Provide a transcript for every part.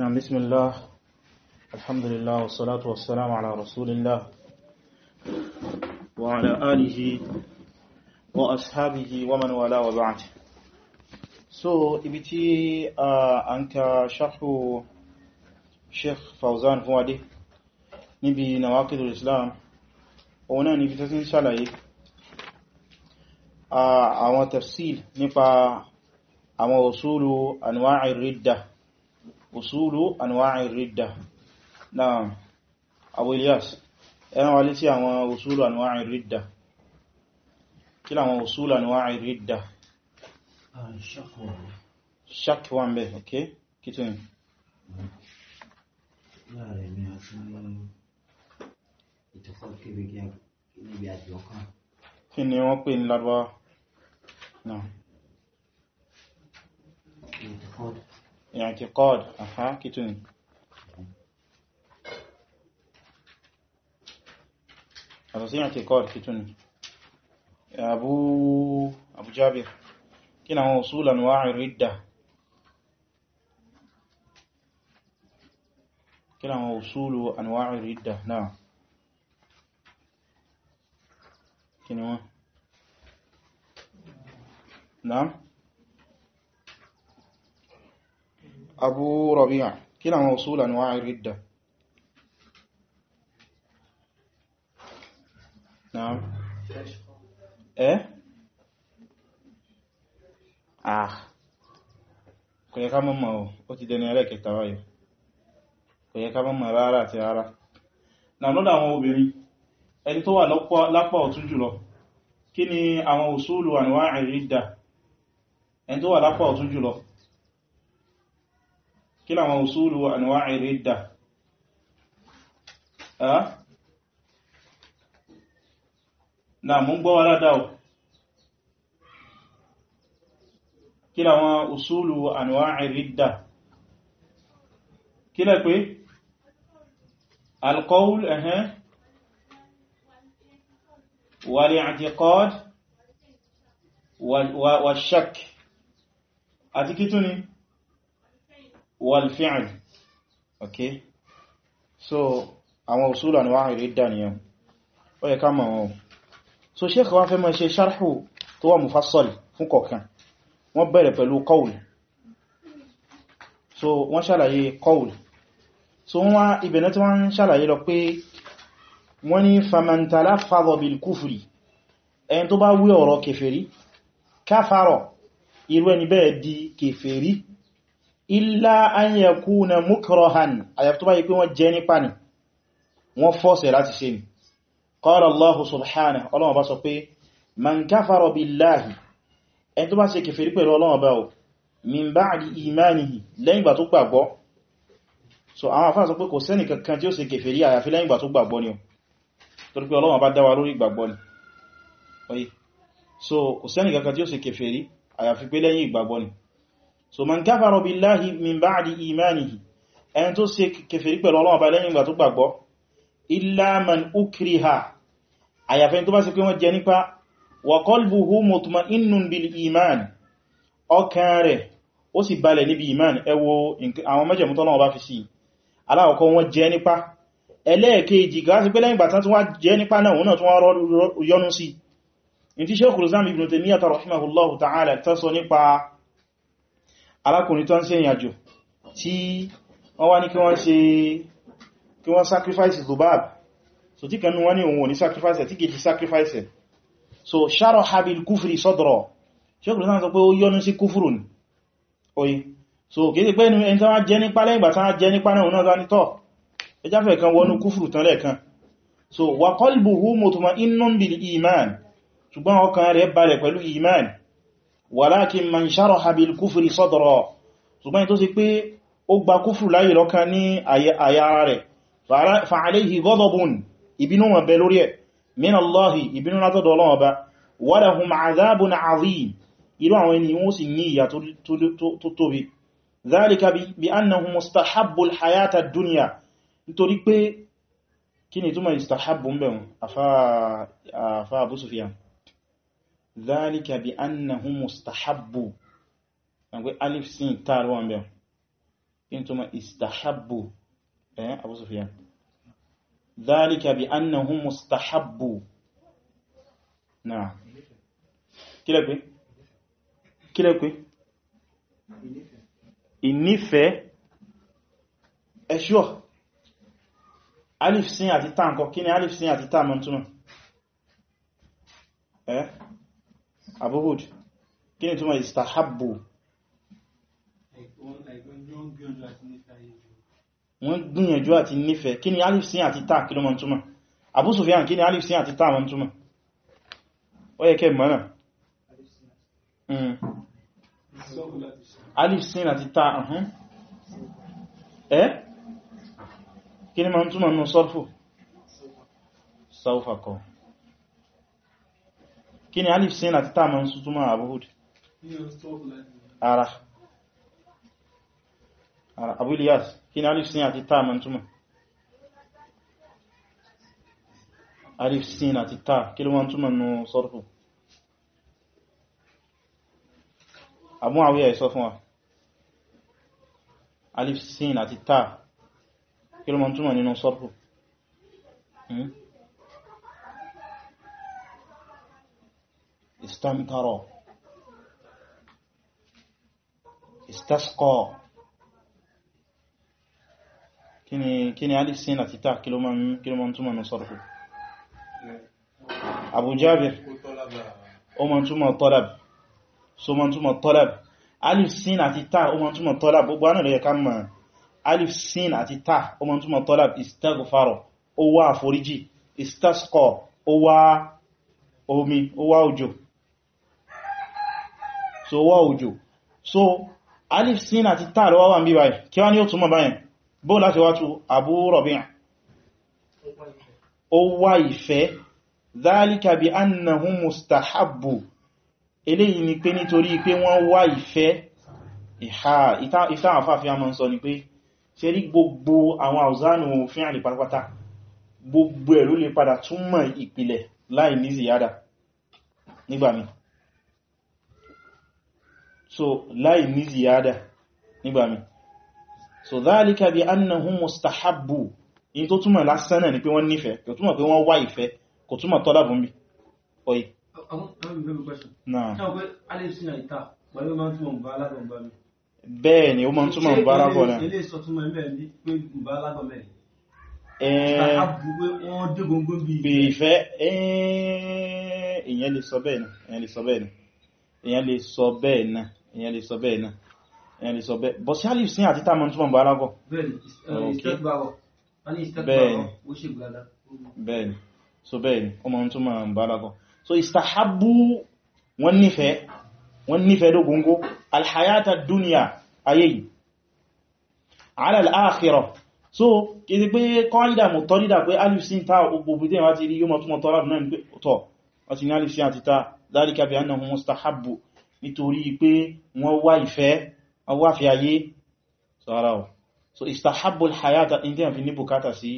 نعم بسم الله الحمد لله والصلاة والسلام على رسول الله وعلى آله وأصحابه ومن ولا وبعد so ibiti uh, an ka sharhu Sheikh Fawzan Fuwade níbi nawaqidul Islam òun náà níbi tó ti ń ṣàlàyé àwọn tafsil nípa àwọn usulu anwa'ir ridda usulu anwa'i ridda na Abu Ilyas ẹran wa létí àwọn usulu anwa'i ridda kí láwọn usulu anwa'i ridda ṣakwa ń bẹ̀ ok kí tún kí ni wọ́n pè ní Lárúbáwá náà اعتقاد أها كتن أساسي اعتقاد كتن أبو أبو جابر كنا وصول أنواع الردة كنا وصول أنواع الردة نعم كنا نعم abu rabi'a kí láwọn usul anwa ridda na'am eh ah kò yẹ ká mọ́ mọ́ ó ti dẹni ẹlẹ́kẹta báyìí kò yẹ ká mọ́ mọ́ rárá àti rárá na lọ́dọ̀ àwọn obìnrin ẹni tó wà lápá ọ̀tún jùlọ kí ni àwọn usulu anwa ridda ẹni tó wà lápá ọ̀tún jùlọ kí láwọn usulu anwa'i ridda na mú gbọ́ wá ládá o kí láwọn usulu anwa'i ridda kí lẹ́ pé alqawl ẹ̀hẹ́n wal-i'tiqad wal àti kí tún ni والفعل okay so àwọn usula ni wa ire daniyan ó yẹ ká mọ̀ wọ́n so sheikh wá fẹ́ máa ṣe sharhu tó wà mufassal fún kọ̀kan wọ́n bẹ̀rẹ̀ pẹ̀lú qawl so wọ́n ṣàlàyé qawl so wọ́n wá ibẹ̀ náà tí wọ́n ṣàlàyé lọ pé wọ́n ní faman talaffaza bil kufri ẹni tó bá wí ọ̀rọ̀ kèfèrí káfàrọ̀ irú ẹni bẹ́ẹ̀ di kèfèrí illa an yakuna mukrahan àyàfi tó bá yí pé wọ́n jẹ́ nípa ni wọ́n fọ́sẹ̀ láti ṣe ni qala Allahu subhanahu ọlọ́wọ́ bá sọ pé man kafara billahi ẹni tó bá ṣe kèfèrí pẹ̀lú ọlọ́wọ́ so àwọn afá sọ pé kò sẹ́ni kankan tí ó ṣe kèfèrí àyàfi lẹ́yìn gbà tó so kò sẹ́ni kankan tí ó ṣe kèfèrí àyàfi so man kafara billahi min ba'di imanihi ẹni tó ṣe kèfèrí pẹ̀lú Ọlọ́run bá lẹ́yìn ìgbà tó gbàgbọ́ illa man ukriha àyàfẹ́ tó bá ṣe pé wọ́n jẹ nípa wa qalbuhu mutma'innun bil iman ọkàn rẹ̀ ó sì balẹ̀ níbi iman ẹwọ àwọn mẹ́jẹ̀mú tọ́lọ́run bá fi sí aláwọ̀kọ́ wọ́n jẹ nípa ẹlẹ́ẹ̀kejì gáà sí pé lẹ́yìn ìgbàtán tí wọ́n jẹ nípa náà wọ́n náà tí wọ́n yọnú sí in ti Shaykhul Islam Ibn Taymiyyah rahimahullahu ta'ala ta sọ nípa alákùnrin tó ń ṣe ìyàjò tí wọ́n wá ní kí wọ́n ṣe kí wọ́n sacrifice zubab so tí kanú wọ́n ní òun ní sacrifice tí kìí sacrifice so ṣarọ̀ habil kúfìrí sọ́dọ̀rọ̀ ṣekùnrin náà sọ pé ó yọ́nú sí kúfùrù ní oyi so kìí pé ẹni tó wá jẹ́ nípa lẹ́yìn ìgbà tán jẹ́ nípa náà náà dání tọ́ ẹjáfẹ́ kan wọnú kúfùrù tán lẹ́ẹ̀kan so wa qalbuhu mutma'innun bil iman ṣùgbọ́n ọkàn rẹ̀ balẹ̀ pẹ̀lú iman walakin man sharaha bil kufri sadra ṣùgbọ́n tó sì pé ó gba kúfù láyé lọ́kàn ní àyà ara rẹ̀ fa alayhi ghadabun ìbínú wọn bẹ lórí ẹ̀ min Allahi ìbínú látọ̀dọ̀ Ọlọ́run Ọba wa lahum adhabun azim irú àwọn ènìyàn ó sì ní ìyà tó tóbi dhalika bi annahum mustahabbu al-hayata ad-dunya nítorí pé kí ni túmọ̀ istahabbu ń bẹ̀rún afá Abu Sufyan dhalika bi annahum mustahabbu ẹgbẹ́ alif sin tààrọ wọn bẹ̀rẹ̀ in tó ma istahabbu ẹ̀ Abu Sufyan dhalika bi annahum mustahabbu náà kílẹ̀ pé kílẹ̀ pé ìnífẹ́ ẹ̀ṣọ́ alif sin àti tàǹkọ kí ni alif sin àti tàǹkọ túnmọ̀ ẹ́ aburud kí ni túnmọ̀ istahabbu wọ́n gbìyànjú àti nífẹ̀ẹ́ kí ni alif sin àti ta kí ló mọ̀ túnmọ̀ Abu Sufyan kí ni alif sin àti ta mọ̀ túnmọ̀ ó yẹ kẹ́ mọ́nà hmm. alif sin àti ta ọ̀hún uh-huh. ẹ́ eh? kí ni mọ̀ túnmọ̀ nù sọ́fù sọ́fà kan kí ni alif sin àti táàmà ń sútúmọ̀ àbúhùd ara abúlíyàs kí ni alif sin àti táàmà ń túmọ̀ alif sin àti táà kí ló wọ́n túmọ̀ nù sọ́rọ̀fù àmú àwíyà ìsọ fún wa alif sin àti táà kí ló wọ́n túmọ̀ nínú sọ́rọ̀fù hmm? استمطر استسقى كني كني ألف سين تتاع كيلو من كيلو من توما نصرفه أبو جابر ó ma túnmọ̀ tọ́láb so ma túnmọ̀ tọ́láb alif sin àti ta ó ma túnmọ̀ tọ́láb gbogbo ánà lè ká mọ̀ alif sin àti ta ó ma túnmọ̀ tọ́láb istaghfaro ó wá àforíjì istasqa ó wá omi ó wá òjò so wá òjò so alif sin àti ta ló wà ń bí báyìí kí wá ní ó túnmọ̀ báyìí bó láti wá tú Abu Rabi'a ó wá ìfẹ́ dhalika bi annahum mustahabbu eléyìí ni pé nítorí pé wọ́n wá ìfẹ́ ìhà ìtàn àfáàfíà mọ́ sọ ni pé ṣe rí gbogbo àwọn àwùzánù òfin àlèpàápàá gbogbo ẹ̀rú lè so láì ní ziyada mi so dhalika bi annahum mustahabbu in tó túmọ̀ lásán náà ni pé wọ́n nífẹ̀ẹ́ kò túmọ̀ pé wọ́n wá ìfẹ́ kò túmọ̀ tọ́lábùn bí ọ̀yí bẹ́ẹ̀ ni ó ma ń túmọ̀ ń bá alábọ̀ náà ilé ìsọ̀túnmọ̀ ń bẹ̀ẹ̀ ní pé ń bá alábọ̀ mẹ́rin ìfẹ́ èèyàn lè sọ bẹ́ẹ̀ na èyàn lè sọ bẹ́ẹ̀ náà èyàn lè sọ bẹ́ẹ̀ bọ́ sí alif sin àti tamon túnmọ̀ bá alágọ́ bẹ́ẹ̀ni so bẹ́ẹ̀ni o ma túnmọ̀ bá so istahabu wọ́n nífẹ̀ẹ́ wọ́n nífẹ̀ẹ́ dógóngó alhayata duniya ayé yìí ala al so kìí pé kọ́ídà mọ̀ tọ́rídà pé alif sin ta gbogbo tí wọ́n ti rí yóò mọ̀ túnmọ̀ tọ́rọ̀ náà ni nítorí pé wọ́n wá ìfẹ́ awáfẹ́ ayé sọ́ra ọ̀ so istahabbul hayata indian fi ní bùkátà sí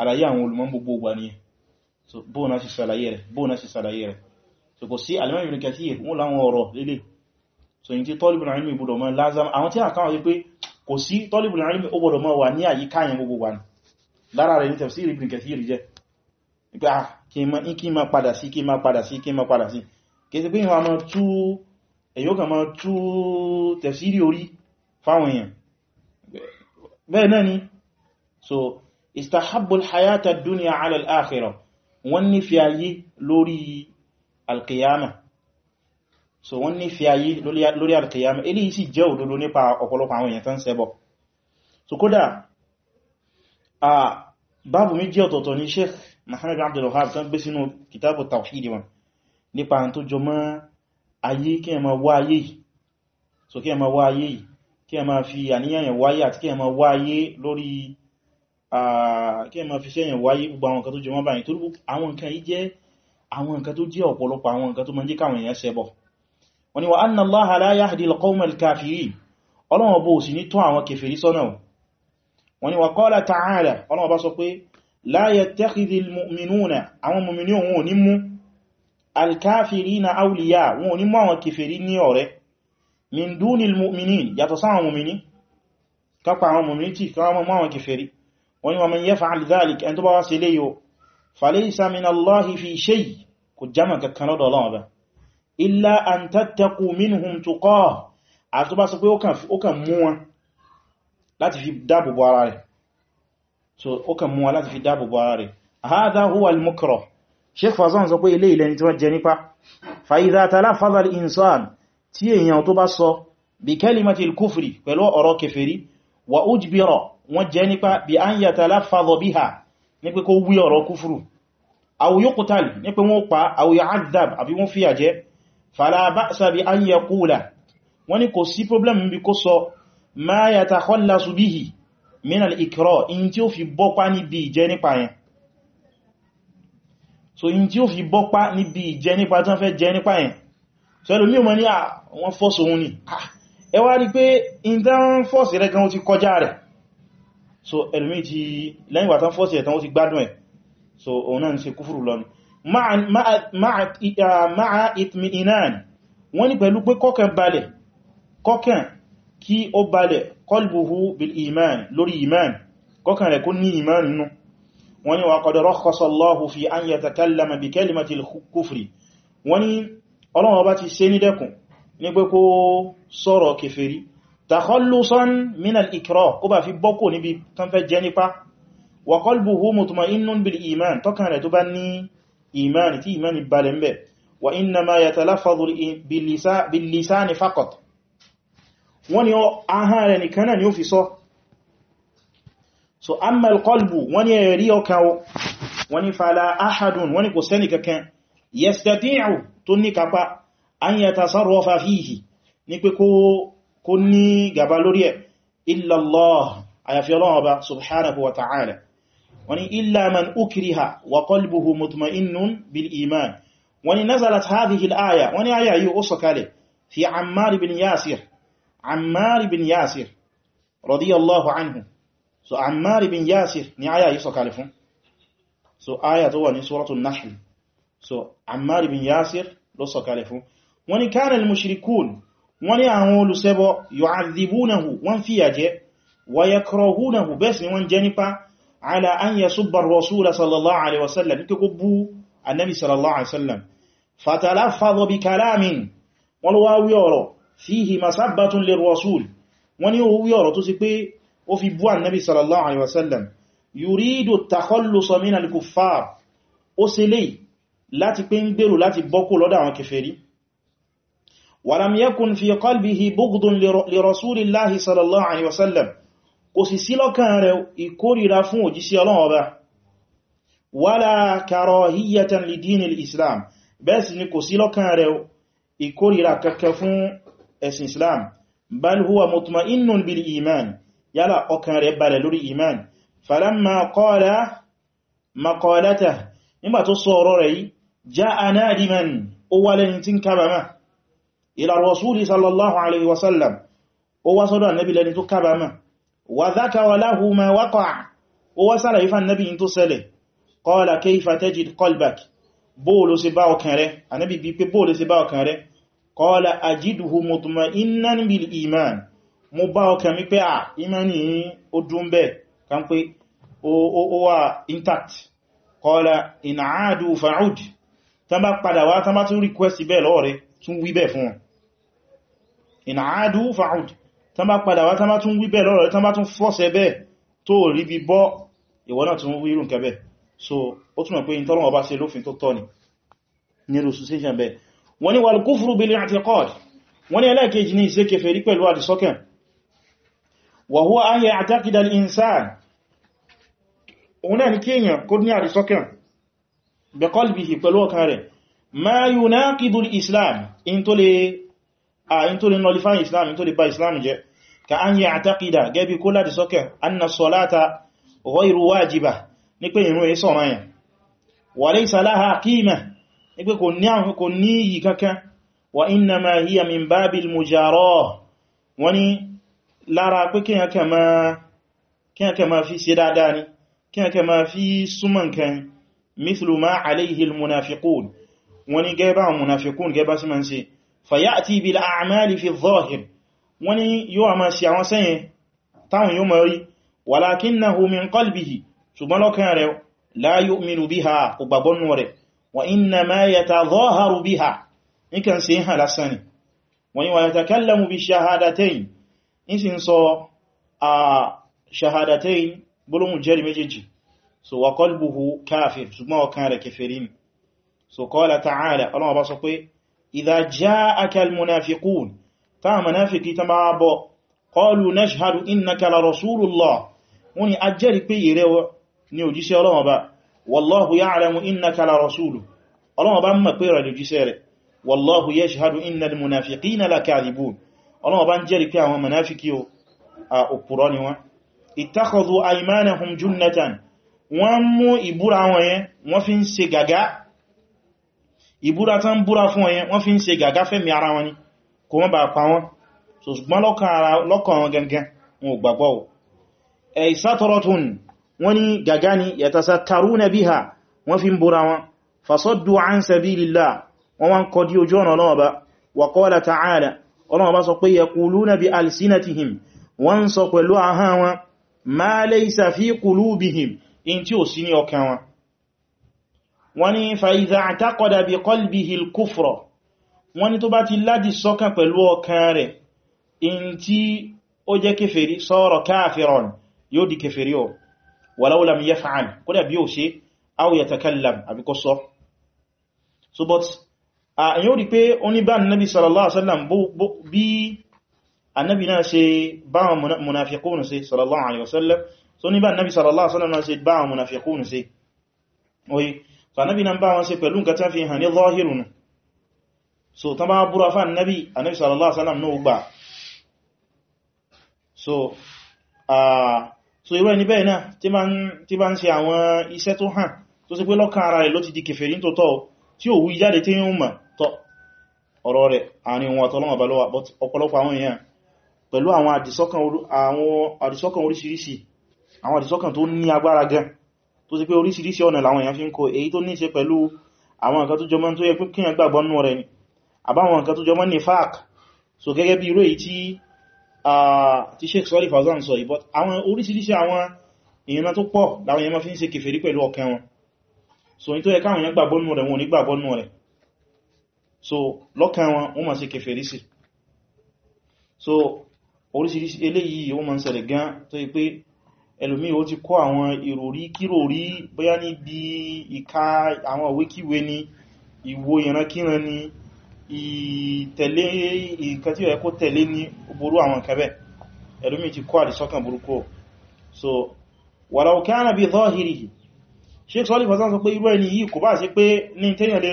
àlàyé àwọn olùmọ̀ gbogbo gbà ní so bóòna sí sàlàyé rẹ̀ bóòna sí so kò sí alimọ́ ìrìn kẹsí ẹ̀ wọ́n láwọn ọ̀rọ̀ lélẹ̀ so yìí tí tọ́lìbùn àìmì ìbúdọ̀ mọ́ lázam àwọn tí àkáwọn yí pé kò sí tọ́lìbùn àìmì ó gbọ́dọ̀ mọ́ wà ní àyíká yẹn gbogbo wà ní lára rẹ̀ ní tẹ̀sí ìrìn kẹsí rí èyàn kàn máa tú tẹ̀fsírí orí fáwọn èèyàn bẹ́ẹ̀ náà ni so istahabbul hayata duniya ala al-akhirah wọ́n ní fi ayé lórí alkiyama so wọ́n ní fi ayé lórí alkiyama eléyìí sì jẹ́ òdodo nípa ọ̀pọ̀lọpọ̀ àwọn èèyàn tán ṣẹbọ so kódà a báàbù méjì ọ̀tọ̀ọ̀tọ̀ ni sheikh Muhammad Abdul Wahhab tán gbé sínú kitabu tawhid wọn nípa àwọn tó jọ mọ́ ayé kí ẹ ma wá ayé yìí so kí ẹ ma wá ayé yìí kí ẹ ma fi àníyàn wáyé àti kí ẹ ma wá ayé lórí kí ẹ ma fi sẹ́yìn wáyé gbogbo àwọn nǹkan tó jẹ mọ́ báyìí torí àwọn nǹkan yìí jẹ́ àwọn nǹkan tó jẹ́ ọ̀pọ̀lọpọ̀ àwọn nǹkan tó ma jẹ́ káwọn èèyàn ṣẹbọ wọ́n ni wa anna alkafirina awliya wọn ò ní mú àwọn kèfèrí ní ọ̀rẹ́ min dunil mu'minin yàtọ̀ sáwọn mùmìní kápa àwọn mùmìní tí káwọn mú àwọn kèfèrí wọ́n ni wa man yaf'al dhalik ẹni tó bá wá sí ilé yóò falaysa min Allahi fi shay kò jama kankan lọ́dọ̀ Ọlọ́run ba illa an tattaqu minhum tuqah àti bá sọ pé ó kàn mú láti fi dáàbòbò ara rẹ̀ so ó kàn mú láti fi dáàbòbò ara rẹ̀ hadha huwa al-mukrah sheikh fazan sọ pé ilé ilẹ̀ ni tí wọ́n jẹ nípa fa'idha talaffaza al-insan tí èyàn tó bá sọ bí kalimati al-kufri pẹ̀lú ọ̀rọ̀ kèfèrí wa ujbira wọ́n jẹ nípa bí an yatalaffaza biha ní pé kó wí ọ̀rọ̀ kúfùrù aw yuqtal ní pé wọ́n pa aw yu'adhdhab àbí wọ́n fìyà jẹ fala ba'sa bi an yaqula wọ́n ní kò sí problem bí kó sọ ma yatakhallasu bihi min al-ikra in tí ó fi bọ́pá níbi ìjẹ nípa yẹn so in tí ó fi bọ́pá níbi ìjẹ nípa tán fẹ́ jẹ nípa yẹn so ẹlòmí o mọ́ ní àwọn fọ́sù òun ni ẹ wá rí pé in tán fọ́sì rẹ̀ gan ó ti kọjá rẹ̀ so ẹlòmí ti lẹ́yìn wà tán fọ́sì rẹ̀ tán ó ti gbádùn ẹ̀ so òun náà ń ṣe kúfùrù lọ́nu ma'a itmi inan wọ́n ní pẹ̀lú pé kọ́kàn balẹ̀ kọ́kàn kí ó balẹ̀ qalbuhu bil iman lórí iman kọ́kàn rẹ̀ kó ní iman nínú wọ́n ní wa qad rakhkhasa Allahu fi an yatakallama bi kalimati al-kufri wọ́n ní Ọlọ́run bá ti ṣe ní dẹ̀kùn ní pé kó sọ̀rọ̀ kèfèrí takhallusan min al-ikrah kó bá fi bọ́kò níbi kan fẹ́ jẹ nípa wa so amma alqalbu wọ́n ní ẹ̀rí ọkàn o wọ́n ní fala ahadun wọ́n ní kò sẹ́ni kankan yastati'u tó ní kapa an yatasarrafa fihi ní pé kó ní gaba lórí ẹ̀ illa Allah àyàfi Ọlọ́run ọba subhanahu wa ta'ala wọ́n ní illa man ukriha wa qalbuhu mutma'innun bil iman wọ́n ní nazalat hadhihi al-aya wọ́n aya yìí ó fi ammar ibn yasir ammar ibn yasir radiyallahu anhu so ammar ibn yasir ni aya yìí sọ̀kalẹ̀ fún so aya tó wà ní suratul nahl so ammar ibn yasir ló sọ̀kalẹ̀ fún wọ́n ní kana al-mushrikun wọ́n ní àwọn olùṣẹbọ yu'adhibunahu wọ́n fìyà jẹ wa yakrahunahu bẹ́ẹ̀ sì ni wọ́n jẹ nípa ala an yasubba ar-rasul sallallahu alaihi wasallam ní kíkó bú annabi sallallahu alaihi wasallam fatalaffadha bi kalamin wọ́n ló wá wí fihi masabbatun lirrasul wọ́n ní ó wí ọ̀rọ̀ tó sì pé ó fi bú annabi sallallahu alaihi wasallam yuridu takhallusa min al-kuffar ó ṣe lèyí láti pé ń gbèrò láti bọ́kù lọ́dọ̀ àwọn kèfèrí walam yakun fi qalbihi bughdun li rasulillahi sallallahu alaihi wasallam kò sì sí lọ́kàn rẹ̀ ìkórìíra fún òjísí Ọlọ́run ọba wala karahiyatan li dinil islam bẹ́ẹ̀ sì ni kò yálà ọkàn rẹ̀ balẹ̀ lórí iman falamma qala maqalata nígbà tó sọ ọ̀rọ̀ rẹ̀ yìí ja'a nadiman ó wá lẹ́ni tí ń kábàmà ila rasuli sallallahu alaihi wasallam ó wá sọ́dọ̀ annabi lẹ́ni tó kábàmà wa dhakara lahu ma waqa'a ó wá sára ifá annabi tó ṣẹlẹ̀ qala kayfa tajid qalbak bóòlù mo bá ọkàn mi pé à ìmánì yìí ó dún bẹ́ẹ̀ kan pé ó wà intact kọ́lá ìnàádù fa'ud tán bá padà wá tán bá tún request bẹ́ẹ̀ lọ́ọ̀rẹ́ tún wí bẹ́ẹ̀ fún wọn ìnàádù fa'ud tán bá padà wá tán bá tún wí bẹ́ẹ̀ lọ́ọ̀rẹ́ tán bá tún fọ́sẹ̀ bẹ́ẹ̀ tó rí bí bọ́ ìwọ náà tún wí irú nǹkan bẹ́ẹ̀ so ó túnmọ̀ pé ìtọ́lọ́wọ́ bá ṣe lófin tó tọ́ ni nílùú association bẹ́ẹ̀ wọ́n ni wal kufru bil i'tiqad wọ́n ni ní ìṣe kèfèrí pẹ̀lú àdìsọ́kàn wa huwa an ya'taqida al-insan òun náà ni kíyàn kó ní àrísọ́kàn bi qalbihi pẹ̀lú ọkàn rẹ̀ ma yunaqidu al-islam in tó lè nullify islam in tó lè ba islam jẹ́ ka an ya'taqida gẹ́bí kó láti sọ́kàn anna salata ghayru wajibah ní pé ìrun èé lára pé kíyàn kẹ ma fi ṣe dáadáa ni kíyàn kẹ ma fi súnmọ̀ nǹkan mithlu ma alayhi almunafiqun wani gẹba almunafiqun gẹba sí ma ń ṣe fayati bil a'mali fi adh-dhahir wani yóò ma ṣe àwọn sẹ́yìn táwọn yóò ma rí walakinnahu min qalbihi ṣùgbọ́n lọ́kàn rẹ̀ la yu'minu biha kò gbàgbọ́nù rẹ̀ wa innama yatadhaharu biha ikan ṣe hàn lásán ni wani wa yatakallamu bi shahadatayn in sì ń sọ a shahadatain gbólóhùn jẹ́rìí méjèèjì so wa qalbuhu kafir ṣùgbọ́n ọkàn rẹ̀ kèfèrí ni so qala ta'ala ọlọ́wọ́ bá sọ pé idha ja'aka al-munafiqun ta munafiki ta ma bọ̀ qalu nashhadu innaka la rasulullah wọ́n ni a jẹ́rìí pé ìrẹwọ ni òjíṣẹ́ ọlọ́wọ́ bá wallahu ya'lamu innaka la rasuluhu ọlọ́wọ́ bá mọ̀ pé rẹ̀ òjíṣẹ́ rẹ̀ wallahu yashhadu innal munafiqina la kadhibun ọlọ́wọ́ bá ń jẹ́rìí pé àwọn mùnáfíkì o a òpùrọ́ ni wọ́n ittakhadhu aymanahum junnatan wọ́n mú ìbúra wọn yẹn wọ́n fi ń ṣe gàgá ìbúra tán búra fún wọn yẹn wọ́n fi ń ṣe gàgá fẹ́mi ara wọn ni kò wọ́n bá pa wọn so ṣùgbọ́n lọ́kàn wọn gangan wọn ò ọlọ́wọ́ bá sọ pé yaquluna bi alsinatihim wọ́n sọ pẹ̀lú ahọ́n wọn ma laysa fi qulubihim in tí ò sí ní ọkàn wọn wọ́n ni fa idha i'taqada bi qalbihi al-kufra wọ́n ni tó bá ti láti sọ́kàn pẹ̀lú ọkàn rẹ̀ in tí yóò rí pé ó ní bá annabi sallallahu alaihi wasallam bí annabi náà ṣe bá wọn munafiqun ṣe sallallahu alaihi wasallam so ní bá annabi sallallahu alaihi wasallam náà ṣe bá wọn munafiqun ṣe oye so annabi náà bá wọn ṣe pẹ̀lú nǹkan tán fi hàn ní zahirun so tán bá búra fún annabi annabi sallallahu alaihi wasallam náà gbà so so irú ẹni bẹ́ẹ̀ náà tí bá ń ṣe tó hàn pé lọ́kàn ara rẹ̀ ló ti di kèfèrí tó tí ò wú jáde tí yíò mọ̀ tọ́ ọ̀rọ̀ rẹ̀ àárín wọn àtọ́lọ́wọ̀n bá but ọ̀pọ̀lọpọ̀ àwọn èèyàn pẹ̀lú àwọn àdìsọ́kàn oríṣiríṣi àwọn àdìsọ́kàn tó ní agbára gan tó sì pé oríṣiríṣi ọ̀nà làwọn èèyàn fi ń kọ èyí tó ní ṣe pẹ̀lú àwọn nǹkan tó jọmọ́ tó yẹ pé kíyàn gbàgbọ́ nú rẹ̀ ni àbáwọn nǹkan tó jọmọ́ ní fák so gẹ́gẹ́ bí but àwọn oríṣiríṣi àwọn èèyàn tó pọ̀ làwọn èèyàn fi ń ṣe kèfèrí pẹ̀lú so ní tó yẹ káwọn èèyàn gbàgbọ́ nú rẹ̀ wọn ò so lọ́kàn wọn wọ́n ma ṣe so oríṣiríṣi eléyìí wọ́n ma ń ṣẹlẹ̀ gan tó yí pé ẹlòmí ó ti kọ́ àwọn ìròrí kíròrí bóyá ìka àwọn ni ìwo ìrankíran ni ìtẹ̀lé nǹkan tí ó oburu awon tẹ̀lé ní ború àwọn nǹkan ẹlòmí ti kọ́ àdìsọ́kàn burúkú so walau kana bi zahirihi Sheikh Sọ́lífà sọ pé irú ẹni yìí kò bá ṣe pé ní tẹ́yàn lè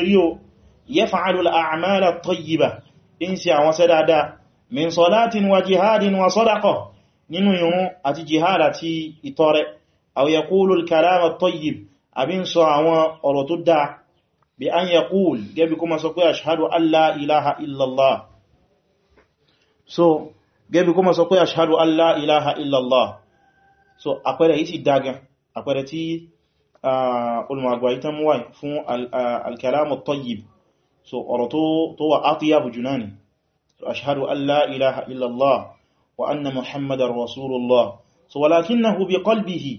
يفعل الأعمال الطيبة إنسي عوان سدادا من صلاة وجهاد وصدقة نينو ينو أتي جهالة إطارة أو يقول الكلام الطيب أبين صعوان أرتدع بأن يقول جابكم سقوي أشهد أن لا إله إلا الله so جابكم سقوي أشهد أن لا إله إلا الله so àpẹẹrẹ yìí sì dágan àpẹẹrẹ tí olùmọ̀ àgbà ìtàmúwà fún al-kalamu tayyib so ọ̀rọ̀ tó wà atiyabu jù náà ni so ashhadu an la ilaha illallah wa anna muhammadar rasulullah so walakinahu bi qalbihi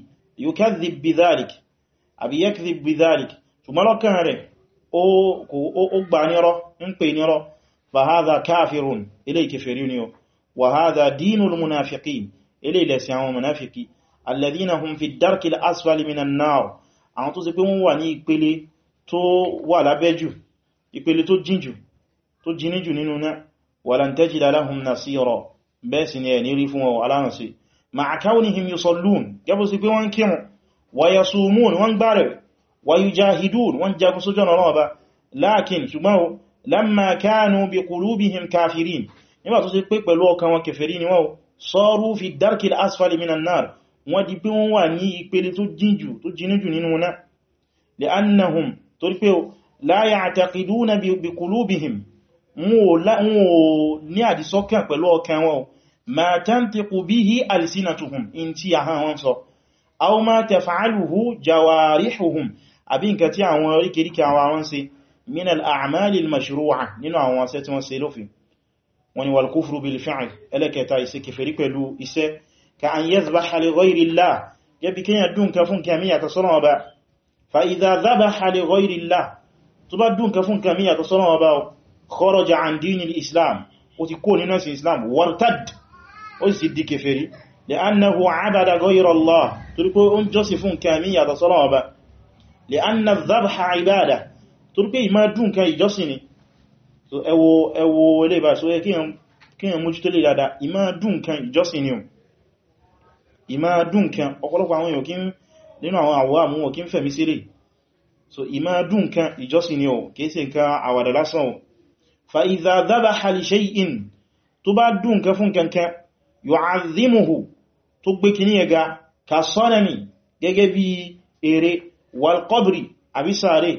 yukadhib bi dhalik abi yakdhib bi dhalik ṣùgbọ́n lọ́kàn rẹ̀ ó gbà nírọ́ ń pè nírọ́ fa hadha kafirun ilé kèfèrí ni o wa hadha dinul munafiqin ilé ilẹ̀ àwọn munafiki alladhina hum fi darkil asfali minan nar àwọn tó sì pé wọ́n wà ní ìpele tó wà lábẹ́jù ìpele tó jíjù tó jíní jù nínú náà walan tajida lahum nasira bẹ́ẹ̀ sì ni ẹ̀ ní rí fún ọ aláhànsí ma'a kawnihim yusallun gẹ́bù sí pé wọ́n kírun wa yasumun wọ́n gbárẹ̀ wa yujahidun wọ́n jagun sójọ́ náà ọba lákin ṣùgbọ́n o lamma kanu bi qulubihim kafirin nígbà tó sì pé pẹ̀lú ọkàn wọn torí pé la ya'taqiduna bi qulubihim wọn ò ní àdìsọ́kàn pẹ̀lú ọkàn wọn ma tantiqu bihi alsinatuhum in tí ahọ́n wọn sọ aw ma taf'aluhu jawarihuhum àbí nǹkan tí àwọn oríkèríkè àwọn àwọn ṣe min al-a'mal al-mashru'a nínú àwọn ṣe tí wọ́n ṣe lófin wọ́n ni wal-kufru bil-fi'l ẹlẹ́kẹta iṣẹ́ kèfèrí pẹ̀lú iṣẹ́ ka an yadhbaha li ghayri Allah gẹ́bí kíyàn dùn ka fún kẹmíyà ta sọ́nà ọba fa idha dhabaha li ghayri Allah tó bá dùn kan fún nǹkan mí yàtọ̀ sọ́nà ọba kharaja an dinil islam ó ti kó nínú ẹ̀sìn islam wartad ó sì di kèfèrí li'annahu abada ghayra Allah torí pé ó ń jọ́sìn fún nǹkan mí yàtọ̀ sọ́nà ọba so ìmá dùn kan ìjọsìn ni o kéèsì nǹkan àwàdà lásán o fa idha dhabaha li shay'in tó bá dùn kan fún kankan yu'azzimuhu tó gbé kìní ẹga ka sanami gẹ́gẹ́ bí ère wal qabri àbí sàárè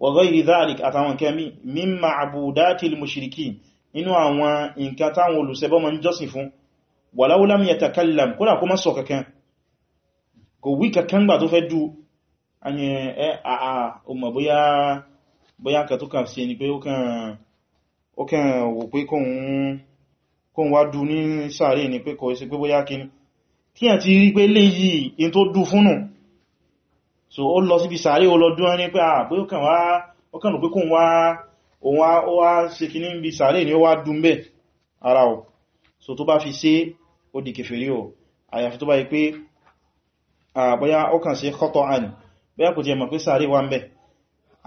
wa ghayri dhalik àtàwọn kẹmí min ma'budatil mushrikin nínú àwọn nǹkan táwọn olùsẹ́bọ́ ma ń jọ́sìn fún walau lam yatakallam kódà kó má kankan kò wí kankan gbà tó fẹ́ dùn anyẹ ẹ eh, àà ah, ọmọ ah, bóyá bóyá kẹ tó kàn sí ẹni pé ó kàn wò pé kóhun wá dú ní sàárè ní pé kọ̀ ìsẹ́ pé bóyá kí ní tí a ti rí pé lè yìí in tó dú fúnnù so ó lọ síbi sàárè ó lọ dún ní pé àà pé ó kàn wá ó kàn rò pé kóhun wá òun ó wá ṣe kí ní bí sàárè so tó bá fi ṣe ó di kèfèrí ọ̀ àyàfi tó bá yí bẹ́ẹ̀ kò jẹ́ mọ̀ pé sàárè wà ń bẹ̀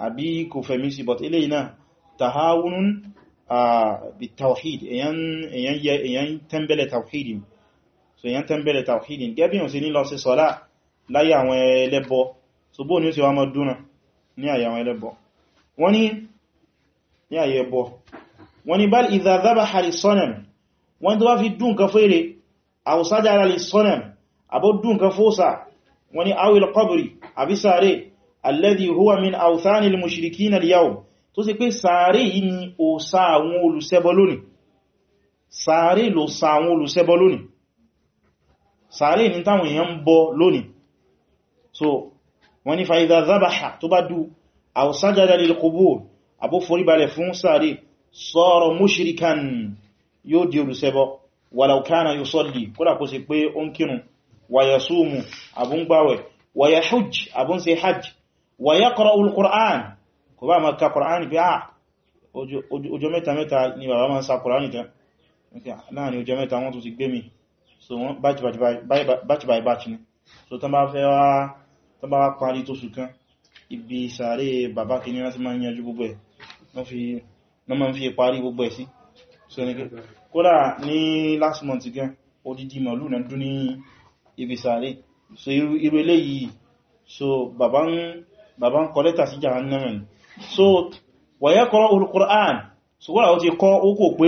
àbí kò fẹ̀mí sí but ilé iná tahawunun bi tawhid èyàn tẹ́mbẹ̀lẹ̀ tawhidin so èyàn tẹ́mbẹ̀lẹ̀ tawhidin gẹ́bí yàn sí ní lọ sí sọ́lá láyé àwọn ẹlẹ́bọ so bóò ní ó sì wá mọ́ dúnà ní àyè àwọn ẹlẹ́bọ wọ́n ní ní àyè ẹbọ wọ́n ní wọ́n tó bá fi dùn kan fèrè aw sajara li sanam dùn kan fóòsà wọ́n ní awil qabri àbí sàárè alladhi huwa min awthani al-mushrikina al-yawm tó sì pé sàárè yìí ni òsà àwọn olùṣẹbọ lónìí sàárè ló àwọn olùṣẹbọ lónìí sàárè ní táwọn èèyàn ń bọ lónìí so wọ́n ní fa idha dhabaha tó bá dú aw sajada lil-qubur àbó foríbalẹ̀ fún sàárè sara mushrikan yóò di olùṣẹbọ walau kana yusalli kódà kó sì pé ó ń kírun wa àbúngbàwẹ̀ ويحج أبون سي حج ويقرأ القرآن كبا ما كقرآن بيع أجمتا متى نبا ما سا قرآن كان ناني أجمتا wọ́n tún ti gbé mi so wọ́n batch batch batch by batch ni so tán bá fẹ́ wá tán bá wá parí tó sùkán ibi sàárè bàbá kìíní láti máa ń yanjú gbogbo ẹ̀ wọ́n máa ń fi parí gbogbo ẹ̀ sí so ní kódà ní last month gan odidi màlúù náà dún ní ibi sàárè so irú eléyìí so bàbá ń kọ lẹ́tà sí jahannam so wa yaqra'ul Qur'an so wọ́n ó ti kọ́ ó kò pé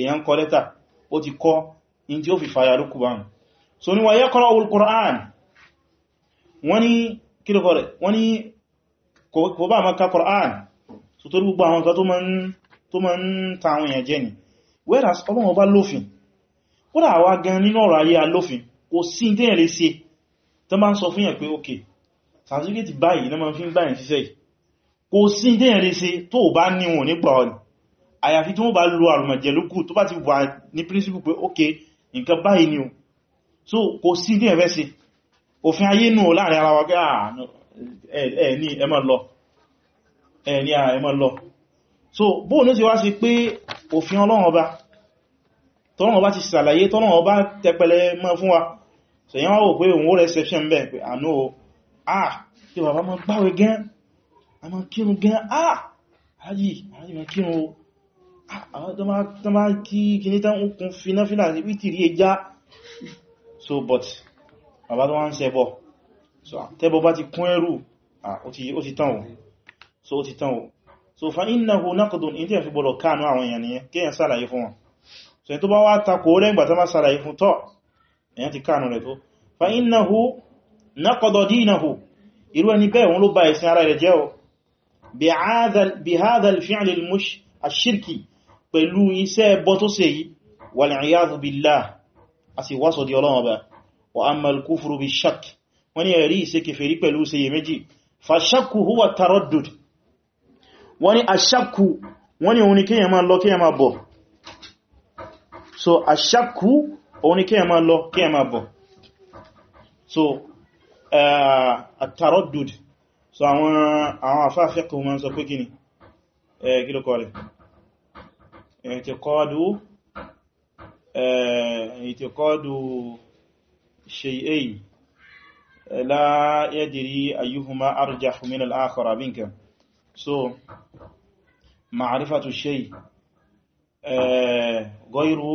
èyàn kọ lẹ́tà ó ti kọ́ in tí ó fi fàyà lókù bá so ni wa yaqra'ul Qur'an wọ́n ni kílùkọ́ rẹ̀ wọ́n ni kò bá Qur'an so tó gbogbo àwọn kan tó ma whereas ọlọ́wọ́ bá lófin kódà àwa gan nínú ọ̀rọ̀ tó máa ń sọ fún yàn pé ok certificate báyìí náà máa fi ń gbáyìn síṣẹ́ kò sí déyàn lè ṣe tó bá níwọ̀n nípa ọ̀nà àyàfi tó bá lo àrùmọ̀jẹ̀lúkù tó bá ti wà ní príncipù pé ok nǹkan báyìí ni o so kò sí déyàn fẹ́ ṣe òfin ayé nù láàrin ara wa ah, ẹ̀ ní ẹ má lọ ẹ̀ ní ah, ẹ má lọ so bóò ní sí wá sí pé òfin ọlọ́run ọba tọ́lọ́run ọba ti ṣàlàyé tọ́lọ́run ọba tẹpẹlẹ mọ́ wa so yẹn wọ́n wò pé òun ó reception bẹ́ẹ̀ pé àánú ah, o ah tí bàbá mọ́ gbáwẹ̀ gan a mọ́ kírun gan ah ayì ayì mọ́ kírun o ah, àwọn tó máa kí kìní tán okùn fináfínà ní so but bàbá tó wá ń ṣẹbọ so tẹ́bọ bá ti kún ẹrù ah, ó ti tán o so ó ti tán o so fa innahu naqdun in tí ẹ̀ fi gbọ́lọ̀ káànú àwọn èèyàn nìyẹn kéèyàn sàlàyé fún wọn so ẹ̀ tó bá wá takò lẹ́gbà tó má sàlàyé fún tọ́ èyàn ti káànù rẹ̀ tó fa innahu naqada dinahu irú ẹni bẹ́ẹ̀ wọn ló bá ẹ̀sìn ara rẹ̀ jẹ́ o bi hadha al-fi'l al-shirki pẹ̀lú iṣẹ́ ẹbọ tó ṣe yìí wal-'iyadhu billah a sì wáṣọ di Ọlọ́run Ọba wa amma al-kufru bi so ashakku òun ni kí ẹ máa lọ kí ẹ máa bọ̀ so àtàrọ́dùd eh, so àwọn àwọn àfáàfẹ́ kò mọ́ sọ pé kíni eh, kí ló kọ́ rẹ̀ ìtìkọ́dù ìtìkọ́dù ṣe'eyi la yadiri ayyuhuma arjahu min al-akhar so ma'rifatu shay eh, ghayru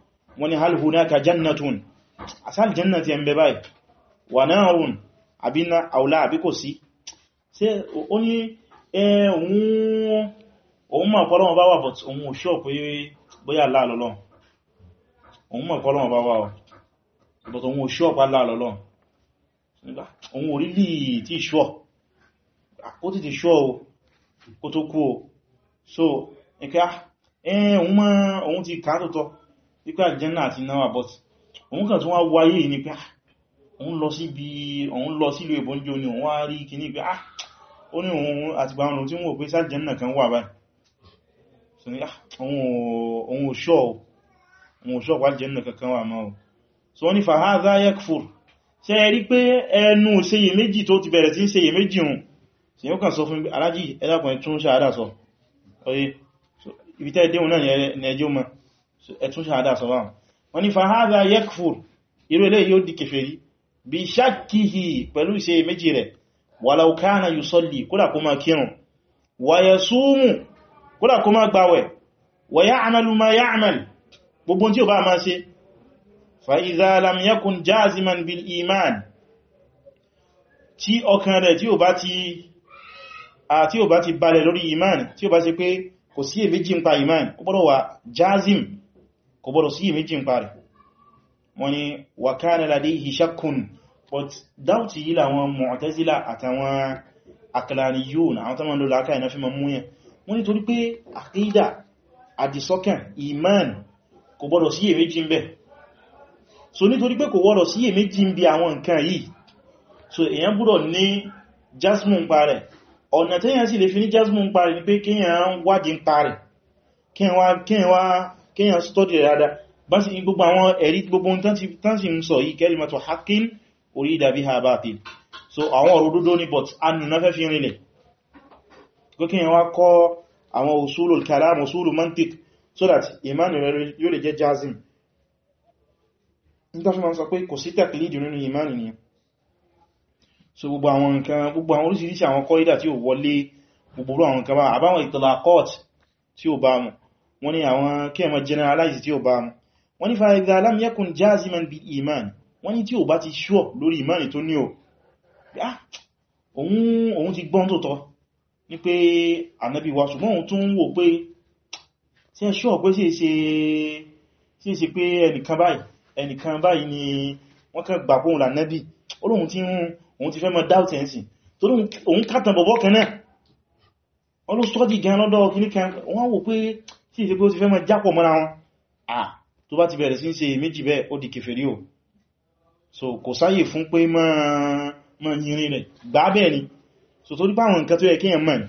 wọ́n ni hal hunaka jannatun asal jannati en be báyìí wa narun abina aula àbí kò sí ṣé ó ní eh un òun mọ̀ pé Ọlọ́run bá wà but òun ò pé bóyá Allah lọ́lọ́run òun mọ̀ bá wà wípé àjẹ́nà àti náwà bọ́t òun kàn tún wá wáyé ní pé ah, òun lọ sí bí òun lọ sílò ìbọn jò ní òun wá rí kìíní pé ah ó ní òun àti bá ọrùn tí wọ́n pé sájẹ́nà kan wà báyìí so ní ah, òun òṣọ́ òun òṣọ́ wá jẹ́nà kankan wà máa so ní fahadha yakfur ṣe rí pé ẹnu ṣeyè méjì tó ti bẹ̀rẹ̀ sí ṣeyè méjì hùn sí ó kàn sọ fún alájì ẹlápọ̀ ẹ̀tún ṣáadà sọ oye ibi tẹ́ ìdéhùn náà ni ẹjọ́ mọ́ ẹ̀tún ṣàdá sọ́wọ́n wọ́n ni fahadha yakfur irú ilé yóò di kèfèrí bí ṣákìhì pẹ̀lú ìṣe méjì rẹ̀ walau kana yusalli kódà kó máa kírun wa yasumu kódà kó máa gbàwẹ̀ wa ya'malu ma ya'mal gbogbo tí ó bá máa ṣe fa idha kò sí èméjì ń pa iman ó wà jazim kò gbọ́dọ̀ sí méjì ń parí wọ́n ni wa kana ladayhi shakkun but doubt yìí làwọn mu'tazila àtàwọn aqlaniyun àwọn tó ma ń lò láàkà ìná fi ma mú yẹn wọ́n ni torí pé àkídà àdìsọ́kàn iman kò gbọ́dọ̀ sí so nítorí pé kò gbọ́dọ̀ sí méjì ń bí àwọn nǹkan yìí so èyàn gbọ́dọ̀ ní jasmu ń kíyàn stọ́dì rẹ̀ dáadáa bá sì ní gbogbo àwọn ẹ̀rí gbogbo tán sì ń sọ yìí kalimatu haqqin urida biha batil so àwọn ọ̀rọ̀ dúdó ní but anù náà fẹ́ fi rinlẹ̀ kíyàn wá kọ́ àwọn usulul kalam usulul mantiq so that iman rẹ̀ yóò lè jẹ́ jazim nígbà fún ma sọ pé kò sí tẹ̀kìlìdì nínú iman nìyàn so gbogbo àwọn nǹkan gbogbo àwọn orísìírísìí àwọn kọ́ ìdà tí ó wọlé gbogbo àwọn ìtàlá court tí ó bá mọ̀ wọ́n ní àwọn kí ẹmọ generalize tí ó bá mú wọ́n ní fa idha lam yakun jaziman bil iman wọ́n ní tí ó bá ti ṣọ́ lórí imani tó ní o ah, òun ti gbọ́n tó tọ́ ní pé ànábì wa ṣùgbọ́n òun tún wò pé sí ẹ ṣọ́ pé sí ṣe pé ẹnìkan báyìí báyìí ni wọ́n kàn gbà pòun lànábì olóhun ti hún òun ti fẹ́ mọ́ doubt ẹ̀sìn tó lóhun òun kàtàn bọ̀bọ̀ kan náà wọ́n ló sọ́dì gan tí ìsẹ́ pé ó ti fẹ́ mọ́ jápọ̀ mọ́ra wọn ah tó bá ti bẹ̀rẹ̀ sí ṣe méjì bẹ́ẹ̀ ó di kèfèrí o so kò sáyè fún pé mọ́ yìnrin rẹ̀ gbá bẹ́ẹ̀ ni so torí pé àwọn nǹkan tó yẹ kí èèyàn mọ̀ ni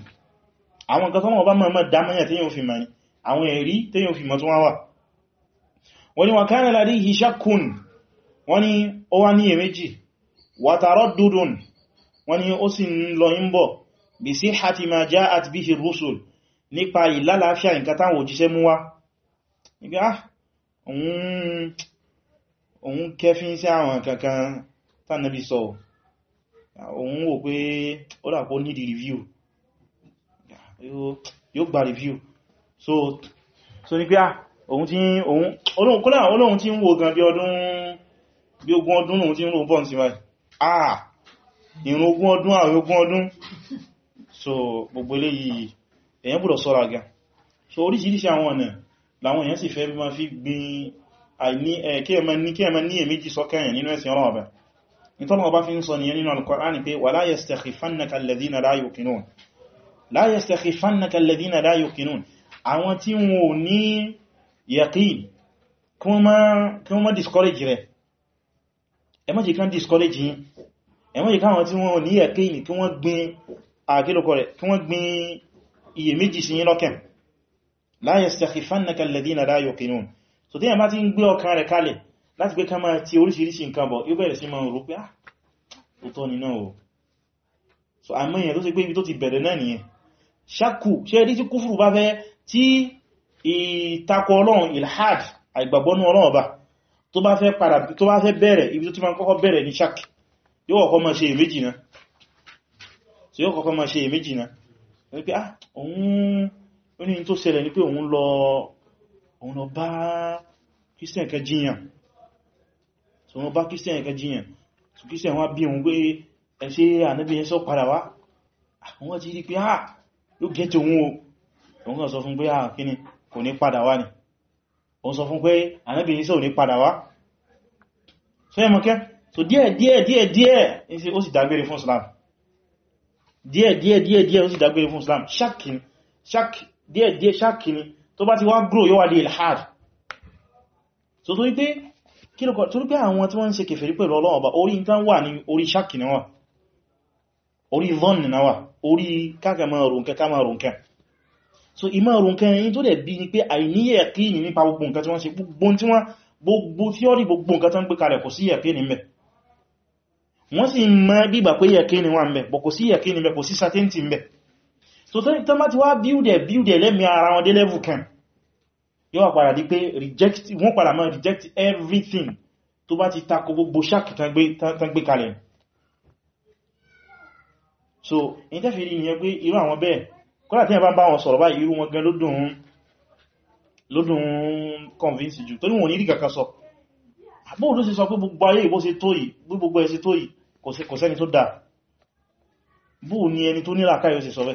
àwọn nǹkan tọ́nà ọba mọ̀ dámọ́yà tí yóò fi mọ̀ ni àwọn ẹ̀rí tí yóò fi mọ̀ tó wọ́n ni ó sì ń lọ ń bọ̀ bi sihhati ma ja'at bihi rusul nípa ìlàláfíà nǹkan táwọn òjíṣẹ́ mú wá nígbà ah, òun kẹfín sí àwọn kankan tánàbí sọ òun wò pé ó dàpọ̀ need review yóò gba review so ní pé ah, òun tí òun kọ́lá olóhun tí ń wo gan bí ọdún bí ogún ọdún lòun tí ń ro bọ́n sí wáyé ah ìrùn ogún ọdún àwọn ogún ọdún so gbogbo eléyìí èyàn gbọ́dọ̀ ṣọ́ra gan so oríṣiríṣi àwọn ọ̀nà làwọn èyàn sì fẹ́ bí ma fi gbin àìní kíyàmà ní èméjì sọ́kẹ̀yàn nínú ẹ̀sìn ọlọ́ọ̀bà ìtọ́nà ọba fi ń sọ nìyẹn nínú al-Qur'an pé wala yastakhifannaka alladhina la yuqinun la yastakhifannaka alladhina la yuqinun àwọn tí wọn ò ní yaqin kí wọ́n má discourage rẹ̀ ẹ má jẹ́ kán discourage yín ẹ má jẹ́ kí wọ́n gbin iyèméjì sí yín lọ́kàn la yastakhifannaka alladhina la yuqinun so tí yẹn bá ti ń gbé ọkàn rẹ̀ kalẹ̀ láti pé ká máa ti oríṣiríṣi nǹkan bọ̀ yóò bẹ̀rẹ̀ sí máa rò pé ah òtọ́ ni náà o so àmọ́ èèyàn tó ṣe pé ibi tó ti bẹ̀rẹ̀ ilhad àìgbàgbọ́nú ọlọ́run ọba tó bá fẹ́ padà tó bá fẹ́ bẹ̀rẹ̀ ibi tó ti máa kọ́kọ́ bẹ̀rẹ̀ ní ṣákì yóò kọ́kọ́ máa ṣe èméjì náà wípé ah òun oní tó ṣẹlẹ̀ ní pé òun lọ òun lọ bá christian kan jiyàn so wọ́n bá christian kan jiyàn so christian wá bí òun pé ẹ̀ṣẹ́ ànábí ẹ̀ṣọ́ padà wá àwọn ah, ti rí pé ah ló gẹ́tẹ̀ òun o òun sọ fún pé ah kíni kò ní padà wá ni òun sọ fún pé ànábí ẹ̀ṣọ́ ò ní padà wá so ẹmọ̀kẹ́ so díẹ̀ díẹ̀ díẹ̀ díẹ̀ ó sì dágbére fún Islam díẹ̀ díẹ̀ díẹ̀ díẹ̀ ó sì dágbére fún islam ṣákìní díẹ̀ díẹ̀ ṣákìní tó bá ti wá grow yóò wà di ilhad so tó wípé kílùkọ̀ tó wípé àwọn tí wọ́n ń ṣe kèfèrí pẹ̀lú Ọlọ́run Ọba orí tán wà ní orí ṣákìní wà orí zọ́nì náà wà orí káàkà máa rùnkẹ́ ká máa rùnkẹ́ so ìmọ̀ rùnkẹ́ yìí tó ni pé àìníyẹ̀ kí ní nípa gbogbo nǹkan tí wọ́n ṣe gbogbo tí wọ́n wọ́n sì mọ́ bígbà pé yẹ̀kí ni wọ́n mẹ́ bọ̀ kò sí yẹ̀kí ni mẹ́ kò sí certainty mẹ́ so tán bá ti wá bíúdẹ̀ bíúdẹ̀ lẹ́mí ara wọn dé level kan yóò padà di pé reject wọ́n padà mọ́ reject everything tó bá ti takò gbogbo ṣákì tán gbé kalẹ̀ so in tẹ́ ni pé irú àwọn bẹ́ẹ̀ kọ́lá tí ẹ bá bá wọn sọ̀rọ̀ convince jù torí wọn ní rí kankan sọ àbóòdó sì sọ pé gbogbo ayé ìbó ẹ̀ ṣe tó yìí kò sẹ́ni tó dáa bú ní ẹni tó ní làákàyè sí sọ so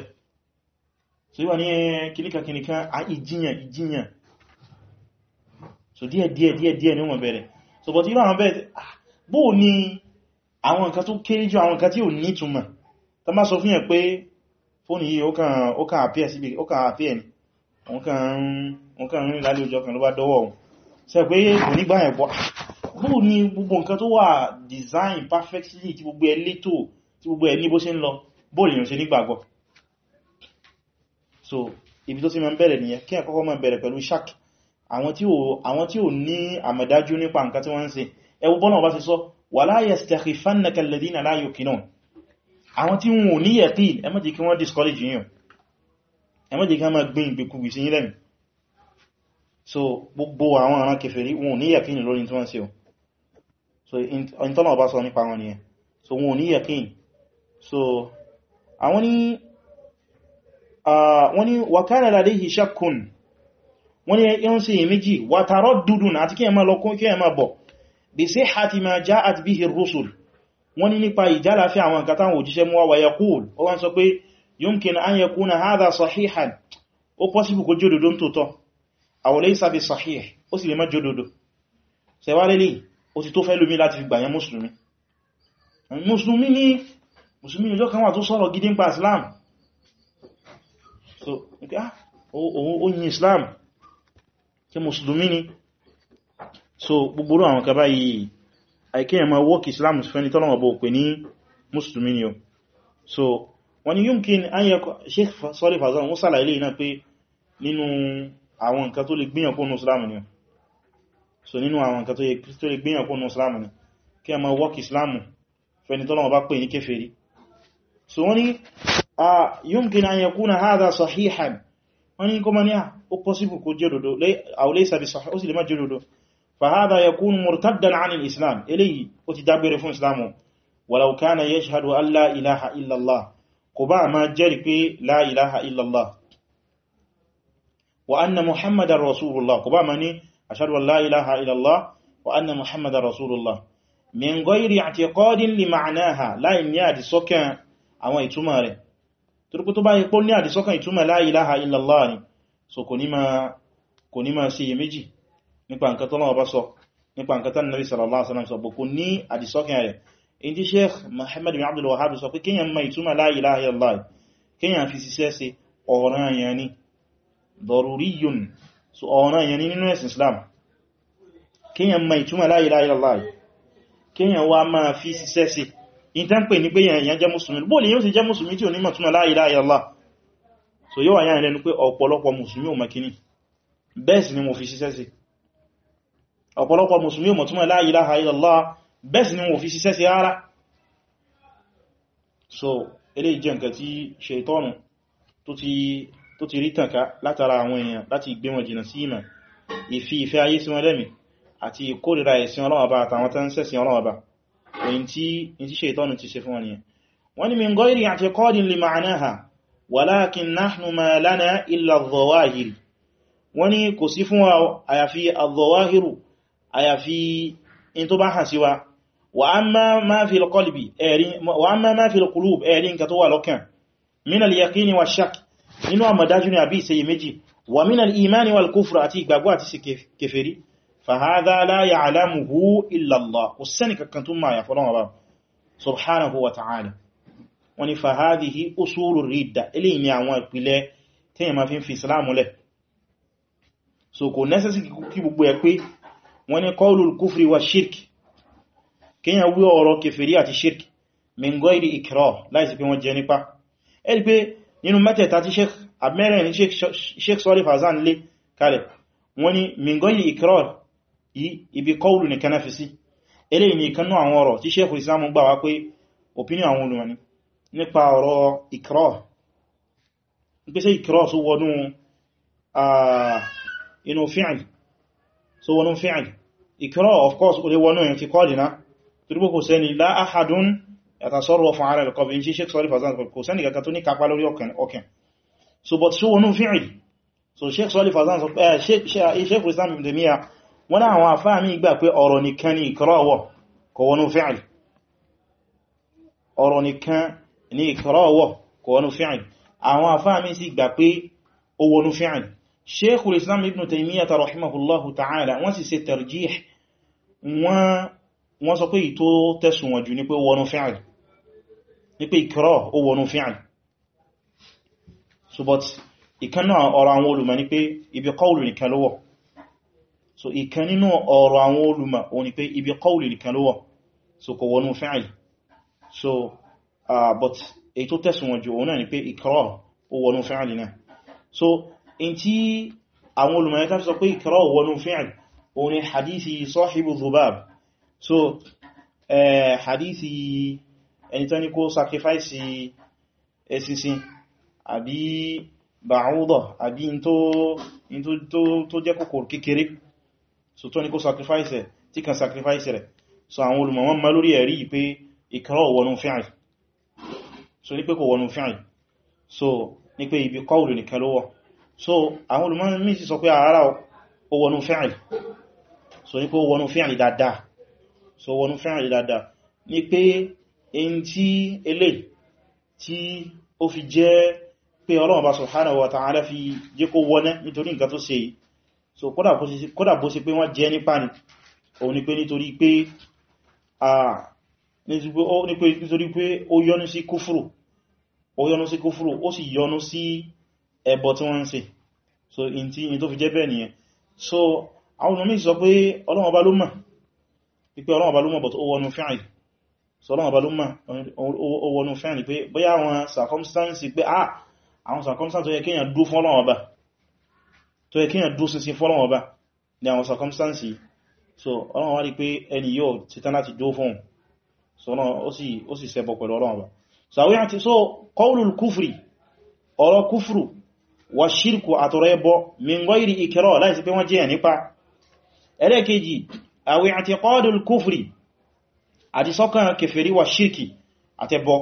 yíwa ní kíníkà kíníkà a ìjìyàn ìjìyàn so díẹ̀ díẹ̀ díẹ̀ díẹ̀ ní wọ́n bẹ̀rẹ̀ so bọ̀ tí ìrọ̀ àwọn bẹ̀rẹ̀ bó ní àwọn nǹkan tó kéré jù àwọn nǹkan tí ò ní túnmọ̀ tó má sọ fún yẹn pé fóònù yìí ó kàn àpíẹ̀ síbi ó kàn ni wọ́n kàn ń bóò ni gbogbo nǹkan tó wà design perfectly tí gbogbo ẹ létò tí gbogbo ẹ ní bó ṣe ń lọ bóò lèyàn ṣe nígbàgbọ́ so ibi tó sì máa ń bẹ̀rẹ̀ nìyẹn kí àkọ́kọ́ máa bẹ̀rẹ̀ pẹ̀lú shak àwọn tí ò ní àmọ̀dájú nípa nǹkan tí wọ́n ń ṣe ẹwú bọ́nà bá ti sọ wala yastakhiffannaka alladhina la yuqinun àwọn tí wọn ò ní yaqin ẹ má jẹ́ kí wọ́n discourage yín ẹ má jẹ́ kí wọ́n máa gbin ìgbèkúgbì sí so gbogbo àwọn aràn kèfèrí wọn ò ní yaqin lórí tí wọ́n ń o so ìntọ́nà ọba sọ nípa wọn nìyẹn so wọn ò ní yẹ̀kín so àwọn ní wọ́n ní wakana ladayhi shakkun wọ́n ní yẹn sí méjì wa taraddudun àti kí ẹmà lọ́kún kí ẹmà bọ̀ bi sihhati ma ja'at bihi ar-rusul wọ́n ní nípa ìjálàfẹ́ àwọn nǹkan táwọn òjíṣẹ́ mú wa yaqul ó wọ́n sọ pé yumkin an yakuna hadha sahihan ó pọ́síbù kó jódodo ń tòótọ́ aw laysa bi sahih ó sì lè má jódodo sẹ́wálélì ó ti tó fẹ́ lómi láti fi gbà yẹn mùsùlùmí mùsùlùmí ní mùsùlùmí ọjọ́ kan wà tó sọ̀rọ̀ gidi nípa islam so ó ah, yin islam kí mùsùlùmí ni so gbogbo àwọn kaba yìí àìkẹ́ ẹ̀mọ̀ wọ́k islam fẹ́ni tọ́lọ̀wọ̀ bó pè ní mùsùlùmí ni o so wọ́n ni yumkin an yẹ Sheikh Saalih Al Fawzān wọ́n sàlàyé náà pé nínú àwọn nǹkan tó lè gbìyànkó ní islam ni o so nínú àwọn nǹkan tó yẹ tó lè gbéyàn kó nù islam ni kí a máa wọ́k islam fẹni tọ́lọ́wọ́ bá pè ní kéfèrí so wọ́n ni a yumkin an yakuna hadha sahihan wọ́n ni kó ma ní à ó pọ́sífù kó jẹ́ dodo aw laysa bi sahih ó sì lè má jẹ́ dodo fa hadha yakunu murtaddan an islam eléyìí ó ti dágbére fún islam walau kana yashhadu an la ilaha illallah kò bá ma jẹ́rì pé la ilaha illallah wa anna muhammadan rasulullah kò bá ma ní أشهد أن لا إله إلا الله وأن محمد رسول الله من غير اعتقاد لمعناها لا إني أدي سكن أما يتوما ري تركو تبا يقول ني أدي سكن يتوما لا إله إلا الله ري so kò ní máa kò ní máa ṣiyè méjì nípa nǹkan tó lọ́wọ́ bá sọ nípa nǹkan tán nàbí sallallahu alaihi wasallam sọ bó kò ní àdìsọ́kàn rẹ̀ in ti sheikh Muhammad bin Abdul Wahhab sọ pé kíyàn máa ìtumà la ilaha illallah kíyàn fi ṣiṣẹ́ sí ọ̀ranyàn ni daruriyyun so ọ̀ràn yẹn nínú ẹ̀sìn Islam kíyàn mọ̀ ìtumọ̀ la ilaha illallah kíyàn wá máa fi ṣiṣẹ́ sí in tán pè ní pé yẹn jẹ́ mùsùlùmí bóòlì yóò sì jẹ́ mùsùlùmí tí ò ní mọ̀ túnmọ̀ la ilaha illallah so yóò wáyá ilẹ́nu pé ọ̀pọ̀lọpọ̀ mùsùlùmí ò mọ̀ kíní bẹ́ẹ̀ sì ni mo fi ṣiṣẹ́ sí ọ̀pọ̀lọpọ̀ mùsùlùmí ò mọ̀ túnmọ̀ la ilaha bẹ́ẹ̀ sì ni mo fi ṣiṣẹ́ sí rárá so eléyìí jẹ́ nǹkan tí ṣaitọ́nù tó ti tó ti rí tànká látara àwọn èèyàn láti gbé wọn jìnà sí ìmọ̀ ìfi ìfẹ́ ayé sí wọn lẹ́mì àti ìkórìíra ẹ̀sìn ọlọ́wọ́ba àtàwọn tán sẹ́sìn ọlọ́wọ́ba èyí tí ṣètọ́nù ti ṣe fún wọn nìyẹn wọ́n ni min ghairi i'tiqadin li ma'naha walakin nahnu ma lana illa adh-dhawahir wọ́n ni kò sí fún wa àyàfi adh-dhawahiru àyàfi in tó bá hàn min al-yaqini wa shakk nínú àmọ̀dájú ni àbí ìsẹ̀yẹ méjì wà mí nàl ìmáni wal kúfùrù àti ìgbàgbọ́ àti sí kèfèrí fàhádá láyà alámùhú ìlàlá kò sẹ́ni kankan tún máa yàfọ́ lọ́wọ́ bá subhanahu wa ta'ala wọ́n ni fàhádìí ọ̀rọ̀ kèfèrí àti shirk min goyri ikrar láìsí pé wọ́n jẹ nípa ẹ̀rí pé nínú mẹ́tẹ̀ẹ̀ta tí abmẹ́rẹ̀ ní sheikh sọ́rí fazan lé kalẹ̀ wọ́n ni mingoyi ikrar ibi kọlù ní kanáfi sí eléyìí ni ìkanú àwọn ọ̀rọ̀ tí sheikh islam gbà wá pé opinion àwọn olùmọ̀ni nípa ọ̀rọ̀ ikrar pèsè ikrar só wọnú inú fi'l só wọnú fi'l ikrar of course ó wọnú yẹn ti kọlù náà torípò kò sẹ́ni la ahadun يتصرف على القلب إن شيخ صالح فازان kò sẹ́ni kankan tó ní kápá lórí ọkàn ọkàn so but so wọnú fíìl so sheikh Salih Fawzān sọ pé eh, sheikh islam ibn Taymiyyah wọ́n àwọn afá mi gbà pé ọ̀rọ̀ nìkan ní ìkọrọ̀wọ̀ kò wọnú fíìl ọ̀rọ̀ nìkan ní ìkọrọ̀wọ̀ kò wọnú fíìl àwọn afá mi sì gbà pé ó wọnú wọ́n sọ pé ìtó tẹ̀sùn wọn jù ní pé wọnú fíìl wípé ìkírọ̀ ó wọnú fi'l so but ìkan náà ọ̀rọ̀ àwọn olùmọ̀ ni pé ibi qawlu nìkan lówọ̀ so ìkan nínú ọ̀rọ̀ àwọn olùmọ̀ ó ní pé ibi qawlu nìkan lówọ̀ so kò wọnú fi'l so uh, but èyí tó tẹ̀sùnwọ̀n jù òun náà ni pé ìkírọ̀ ó wọnú fi'l náà so in tí àwọn olùmọ̀ yẹn tàbí sọ pé ìkírọ̀ ó wọnú fi'l so uh, ẹni tán ní kó sacrifice ẹsìsìn àbí bàúdọ̀ àbí tó jẹ́ kòkòrò kékeré so tó ní kó sacrifice ẹ̀ tí kan sacrifice rẹ̀ so àwọn olùmọ̀wọ́n ma lórí ẹ̀rí pé ìkọ́rọ̀ wọnú fi'l so ní pé kò wọnú fi'l so ní pé ibi qawlu nìkan ló wọ̀ so àwọn olùmọ̀wọ́n mí so ní pé ó in tí elé tí ó fi jẹ́ pé Ọlọ́run bá subhanahu wa ta'ala fi jẹ́ kó wọ́nẹ́ nítorí nǹkan tó ṣe yìí so kódà bó ṣe pé wọ́n jẹ́ nípa ni òun ni pé nítorí pé pe pé ó yọ́nú sí kúfùrù ó yọ́nú sí kúfùrù ó sì yọ́nú sí ẹbọ tí wọ́n ń ṣe so in tí in tó fi jẹ́ bẹ́ẹ̀ nìyẹn so àwọn ọmọ mi sọ pé Ọlọ́run bá ló mọ̀ pé Ọlọ́run bá ló mọ̀ but ó wọnú fíàì sọ́lọ́wọ́ bá ló mọ̀ owónú fẹ́rin pé bóyá àwọn circumstance pé ah àwọn circumstance tó yẹ kíyàn dú fọ́lọ́wọ́ bá tó yẹ kíyàn dú sí sí fọ́lọ́wọ́ bá ní àwọn circumstance so ọlọ́wọ́ wá rí pé ẹni yóò títán láti dú fún ó sì ṣẹbọ pẹ̀lú ọlọ́wọ́ bá so àwọn àti so qawlul kufri ọ̀rọ̀ kúfùrù wa ṣírkù àtọ̀rọ̀ ẹbọ min ghairi ìkẹrọ láìsí pé àti sọ́kàn kèfèrí wa ṣírkì àtẹ́bọ́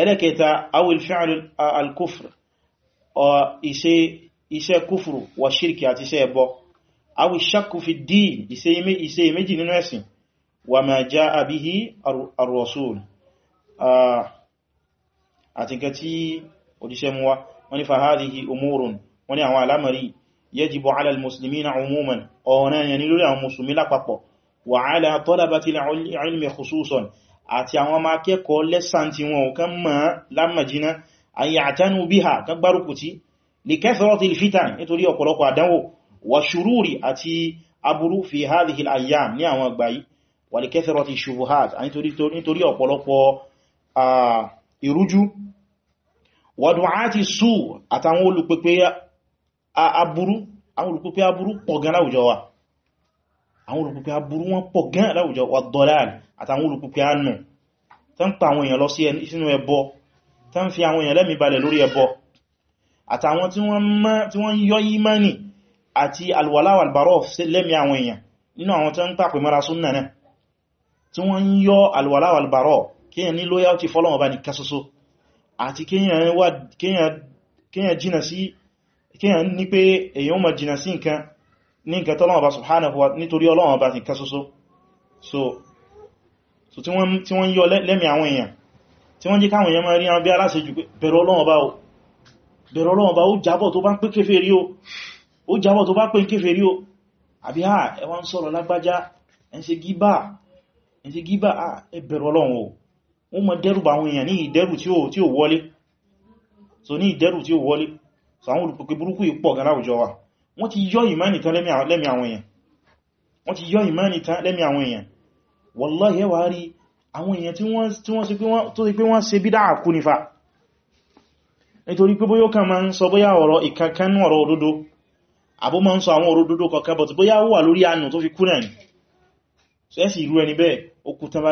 ẹlẹ́kẹta awil fi'l al-kufr iṣẹ́ kúfùrù wa ṣírkì àti iṣẹ́ ẹbọ awil shakku fi din iṣẹ́ méjì nínú ẹ̀sìn wa ma ja'a bihi ar-rasul àti nǹkan tí òjíṣẹ́ mú wá wọ́n ní fa hadhihi umurun wọ́n ní àwọn alamari yajibu ala al-muslimina umuman ọ̀nà yẹni lórí àwọn musulmi lápapọ̀ wà ala talabati al-ilmi khususan àti àwọn ọmọ akẹ́kọ̀ọ́ lẹ́sàn tí wọn kan mọ̀ lámàjínà an ya'tanu biha kan gbárùkù tí li kathrati al-fitan nítorí ọ̀pọ̀lọpọ̀ àdánwò wa shururi àti aburú fi hadhihi al-ayyam ní àwọn àgbà yìí wa li kathrati shubuhat nítorí ọ̀pọ̀lọpọ̀ ìrújú àwọn olùpùpù aburú wọn pọ̀ gan láwùjọ wà dọ́láàlì àtàwọn olùpùpù anù tán pa àwọn èèyàn lọ sí sínú ẹbọ tán fi àwọn èèyàn lẹ́mí balẹ̀ lórí ẹbọ àtàwọn tí wọ́n yọ ìmánì àti alwàláwà albarof lẹ́mí àwọn èèyàn nínú àwọn tán pàpẹ mara súnnà náà tí wọ́n yọ alwàláwà albarof kíyàn ní loyalty fọ́lọ́wọ́ bá ní kasoso ní nǹkan tọ́lọ́wọ́ bá subhanahu wa nítorí Ọlọ́run bá ti kásọ́sọ́ so tí wọ́n yọ lẹ́mí àwọn èèyàn tí wọ́n jí káwọn èèyàn máa rí àwọn bí aláṣejù bẹ̀rọ Ọlọ́run bá ó jábọ̀ tó bá ń pè kéfèrí o ó jábọ̀ tó bá pè kéfèrí o àbí ha ẹwà ń sọ̀rọ̀ lágbájá ẹn ṣe gíbà so ní ìdẹ́rù tí ó wọlé so àwọn olùpẹ̀kẹ̀ burúkú wọ́n ti yọ ìmánì tán lẹ́mí àwọn èèyàn wọ́n ti yọ ìmánì tán lẹ́mí àwọn èèyàn wallahi wà rí àwọn èèyàn tí wọ́n tó ti pé wọ́n ṣe bídá àkú nífà nítorí pé bóyá kan máa ń sọ bóyá ọ̀rọ̀ ìkankanú ọ̀rọ̀ òdodo àbó máa ń sọ àwọn ọ̀rọ̀ òdodo kọ̀kẹ́ bọ̀ tí bóyá ó so ẹ́sì ìrú ẹni bẹ́ẹ̀ ó kú tán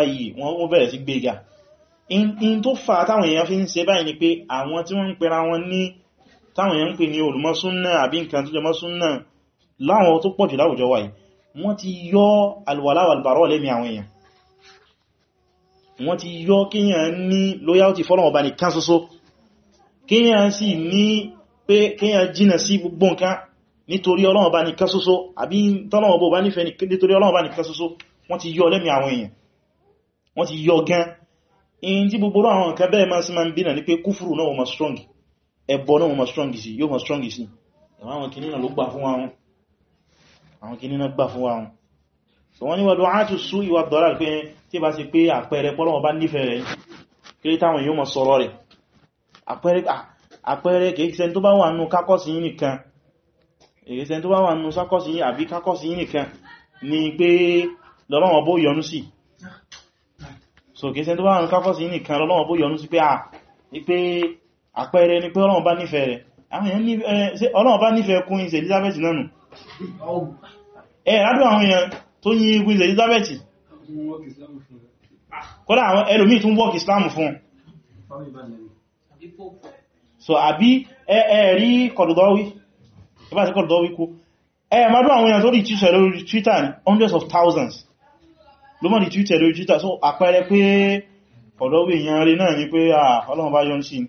in tó fà táwọn èèyàn fi ń ṣe báyìí táwọn èèyàn ń pè ní olùmọ̀ súnnà àbí nǹkan tó jẹmọ́ súnnà láwọn tó pọ̀jù láwùjọ wáyìí wọ́n ti yọ alwala walbarọ́ lẹ́mí àwọn èèyàn wọ́n ti yọ kíyàn ní loyalty fọ́lọ̀wọ̀ bá nìkan ṣoṣo kíyàn sì ní pé kíyàn jìnà sí gbogbo nǹkan nítorí Ọlọ́run bá nìkan ṣoṣo àbí tọ́lọ́wọ̀ bá nífẹ̀ẹ́ nítorí Ọlọ́run bá nìkan ṣoṣo wọ́n ti ní pé kúfùrù náà wọ́n ẹbọ náà mọ̀ strong sí yóò mọ̀ strong sí àwọn kìnnìyàn ló gbà fún wọn àwọn kìnnìyàn gbà fún wọn so wọ́n ní wọ́n dùn áàtù sú ìwà dọ́là pé tí bá ti pé àpẹẹrẹ pọ́lọ́wọ́ bá nífẹ̀ẹ́ rẹ̀ kéré táwọn yóò mọ̀ sọ̀rọ̀ rẹ̀ àpẹẹrẹ kèéṣẹ́ tó bá wà nù kákọ́sí yìí nìkan èéṣẹ́ tó bá so kèéṣẹ́ tó bá wà nù kákọ́sí yìí nìkan lọ́lọ́wọ́ bó yọnú àpẹẹrẹ ni pé Ọlọ́run bá nífẹ̀ẹ́ rẹ̀ àwọn èèyàn ní eh, Ọlọ́run bá nífẹ̀ẹ́ Queen Elizabeth náà nù ẹ̀ rádùn àwọn èèyàn tó yìn Queen Elizabeth kọ́lá àwọn ẹlòmí tún wọ́k Islam fún so àbí ẹ̀ẹ̀rí kọ̀dọ̀dọ̀wí ẹbá sí kọ̀dọ̀dọ̀wí kú ẹ̀ẹ̀ mọ́dún àwọn èèyàn tó rí twitter lórí Twitter hundreds of thousands ló mọ́ rí twitter lórí Twitter so àpẹẹrẹ pé kọ̀dọ̀wí èèyàn rí náà ní pé Ọlọ́run bá yọ́n sí ni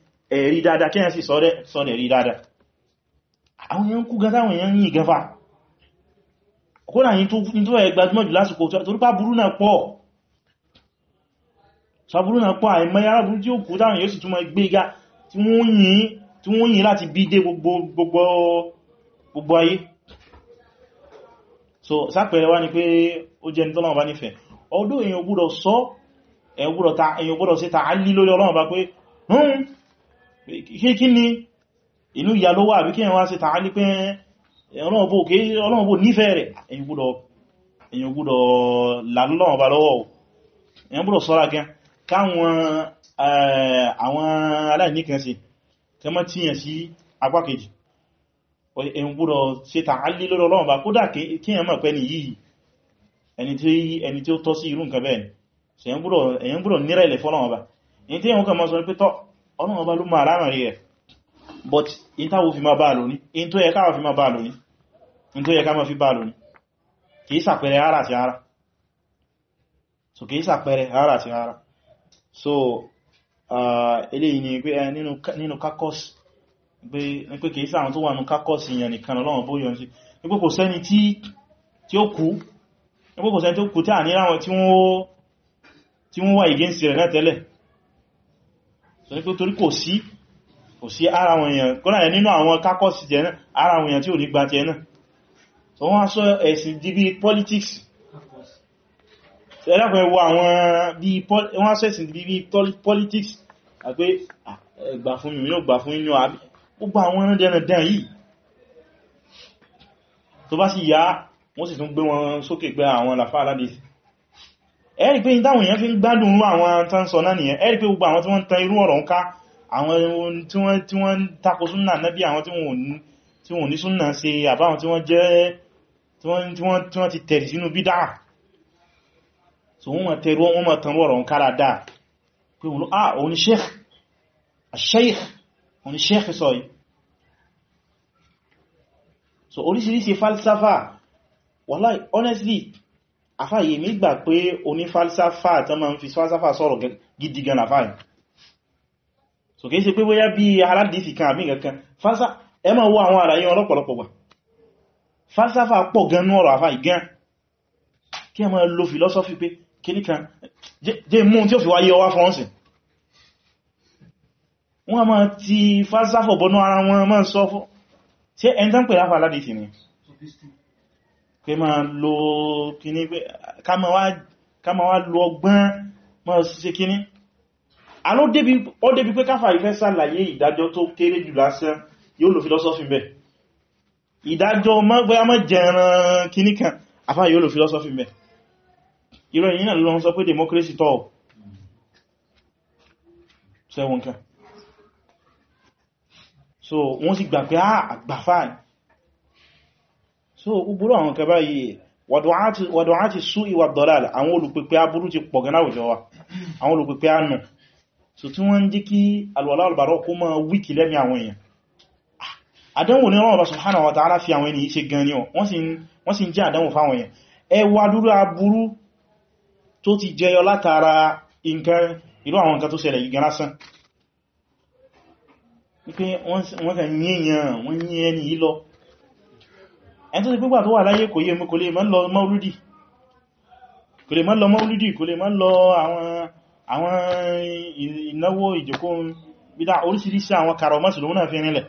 ẹ̀rí dáadáa kí yẹn sì sọ́dẹ̀ rí dáadáa àwọn èèyàn kú gan táwọn èèyàn yìn gẹfà kódà yìí tó ẹ̀ gbajúmọ̀ jù lásìkò torípá burú náà pọ̀ sàbúrú náà pọ̀ àìmọ́ yára burú tí ó kú táwọn yóò sì túnmọ̀ gbé ga tí wọ́n yìn láti bí dé gbogbo ayé so sápẹẹrẹ wá ní pé ó jẹ́ ní tọ́lọ́wọ́ bá nífẹ̀ẹ́ ọdún èèyàn gbọ́dọ̀ sọ èèyàn gbọ́dọ̀ sí ta ṣe kí ni inú ìyà ló wà àbí kí wọ́n sí tàà ní pé Ọlọ́run bò nífẹ̀ẹ́ rẹ̀ èyàn gbọ́dọ̀ lálọ́wọ́ bá lọ́wọ́ èyàn gbọ́dọ̀ sọ́ra gan káwọn eh, àwọn aláìníkan sí tẹ́mọ́ tíyàn sí apá kejì èyàn gbọ́dọ̀ sí tàà lé lórí Ọlọ́run bá kódà kíyàn mọ̀ pẹ́ ni yìí ẹni ọ̀nà ọba ló máa ránà rí but in táwò fi máa bá lóní in tó yẹ káwà fi máa bá lóní in tó yẹ ká máa fi bá lóní kìí sàpẹrẹ ara àti ara so kìí sàpẹrẹ ara àti ara so eléyìí ni pé nínú kakọ́sì ní pé kìí sàwọn tó wà ní kakọ́sì yẹn nìkan ọlọ́run bó yọ̀n sí ní pé kò sẹ́ni tí ó kú ní pé kò sẹ́ni tí wọ́n wà ìgéǹsì rẹ̀ náà tẹ́lẹ̀ torí pé torí kò sí kò sí ara wọn èèyàn kọ́nà ẹ̀ nínú àwọn kákọ́sì jẹ́ náà ara wọn èèyàn tí ò ní gbà jẹ́ náà so wọ́n sọ ẹ̀sìn di bí politics ẹ̀lẹ́kùn ẹwọ àwọn bí wọ́n politics àpé gbà fún mi yóò gbà fún inú àbí gbogbo àwọn ẹran dẹ̀rẹ̀ dẹ̀ yìí tó bá sì yá wọ́n sì tún gbé wọn sókè pé àwọn làfáà aládìsí ẹ̀rí pé ní táwọn èèyàn fi ń gbádùn irú àwọn tán sọ náà nìyẹn ẹ̀rí pé gbogbo àwọn tí wọ́n ń tan irú ọ̀rọ̀ ń ká àwọn tí wọ́n tako súnnà nábì àwọn tí wọ́n ní súnnà ṣe àbáwọn tí wọ́n jẹ́ tí wọ́n ti tẹ̀rì sínú bídá so wọ́n ma tẹ̀rù wọ́n ma tan ọ̀rọ̀ ń ká dáadáa pé wọ́n ah òun sheikh sheikh òun sheikh sọ yìí so oríṣiríṣi honestly àfáyè mi gbà pé oní falsafa tán ma ń fi falsafa sọ̀rọ̀ gidi gan àfáyè so kìí ṣe pé bóyá bí aládìsí kan àbí nǹkan falsafa ẹ ma wo àwọn àlàyé ọlọ́pọ̀lọpọ̀ gbà falsafa pọ̀ gan ní ọ̀rọ̀ àfáyè gan kí ẹ ma lo philosophy pé kíní kan jẹ́ mú tí ó fi wáyé ọwá fọ́nsìn wọ́n ma ti falsafa bọ́nú ara wọn ma ń sọ fún ṣe ẹn tán pè láfà aládìsí ni so, pé ma lo kíní pé ká ma wá lo ọgbọ́n ma ṣe kíní a ló débi pé káfà ìfẹ́ sàlàyé ìdájọ́ tó kéré jù lásán yóò lo philosophy bẹ̀ ìdájọ́ bóyá mọ́ jẹran kíní kan afá yóò lo philosophy bẹ̀ ìrọ̀ ìyìn náà lọ sọ pé democracy tọ́ sẹ́wọ̀n kan so wọ́n sì gbà pé ah, àgbàfáà so uburu àwọn kẹba yìí wàdùn àti sú ìwà dọ̀láàlá àwọn olùpẹ̀pẹ̀ aburú ti pọ̀ gan láwùjọ wa àwọn olùpẹ̀pẹ̀ anù so tí wọ́n ń jí kí alwàlá albarọ̀ kó mọ́ wíkì lẹ́mí àwọn èèyàn àdánwò ní ọlọ́wọ́ subhanahu wa ta'ala fi àwọn ènìyàn ṣe gan ni wọ́n sì ń jẹ́ àdánwò fáwọn èèyàn ẹ wá dúró aburú tó ti jẹyọ látara nǹkan irú àwọn nǹkan tó ṣẹlẹ̀ yìí gan lásán wípé wọ́n kàn yíyàn wọ́n yí ẹni yìí lọ ẹni tó ti pípà tó wà láyé kò yé mú kò lè má lọ maulidi kò lè má lọ maulidi kò lè má lọ àwọn ìnáwó ìjòkó bídá orísìírísìí àwọn karọmọ́sì ló múnà fi rinlẹ̀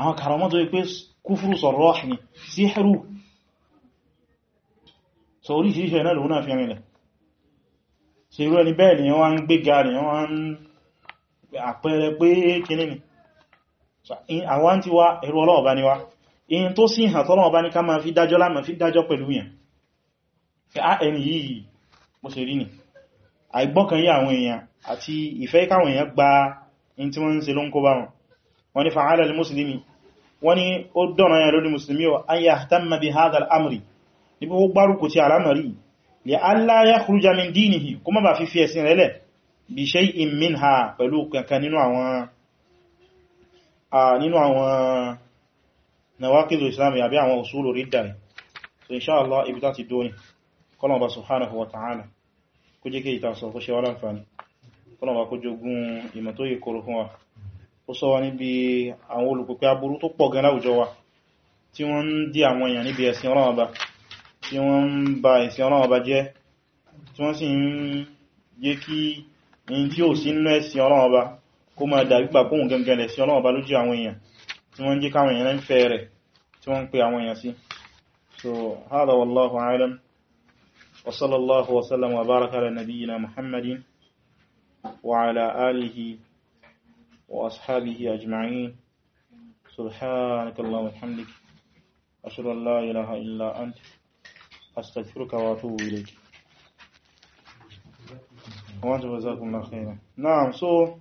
àwọn karọmọ́ tó yí pé kúfúrú sọ̀rọ̀ ní síhìrù so orísìírísìí náà àwọn tí wá ẹ̀rọ ọlọ́ọ̀bá ni wá in tó sí ìhàn tọ́lọ́ọ̀bá ní ká máa fi dájọ́ láàmà fi dájọ́ pẹ̀lú yẹn ah, ẹni yìí mo ṣe rí ni àìgbọ́kànyí àwọn èèyàn àti ìfẹ́ káwọn èèyàn gba in tí wọ́n ń ṣe ló ń kó bá wọn wọ́n ni fa'ala lil muslimi wọ́n ni ó dọ̀nà yẹn lórí musulmi o an yahtamma nínú àwọn nawaqidu islami àbí àwọn usulu ridda so inshallah ibi ta ti dóni kọlọ̀ bá subhanahu wa ta'ala kó jẹ́ kí ìta sọ kó ṣe wá láǹfààní kọlọ̀ bá kó jogun ìmọ̀ tó yẹ kòrò fún wa ó sọ wa níbi àwọn olùpẹ̀pẹ̀ aburú tó wa tí wọ́n dí àwọn èèyàn níbi ẹ̀sìn Ọlọ́run tí ba ẹ̀sìn jẹ́ tí wọ́n sì ń jẹ́ kí tí ó sí nínú kó máa dàbí gbà kóhùn gẹ́gẹ́ rẹ̀ sí ọlọ́wọ́ bá lójú àwọn èèyàn tí wọ́n ń jẹ́ káwọn èèyàn fẹ́ rẹ̀ tí wọ́n ń pe àwọn èèyàn sí so hada wallahu alam wa sallallahu wa sallam wa baraka ala nabiyyina muhammadin wa ala alihi wa ashabihi ajma'in subhanakallahumma wa bihamdik ashhadu an la ilaha illa anta astaghfiruka wa atubu ilayk Wa jazakumullahu khairan. Naam, so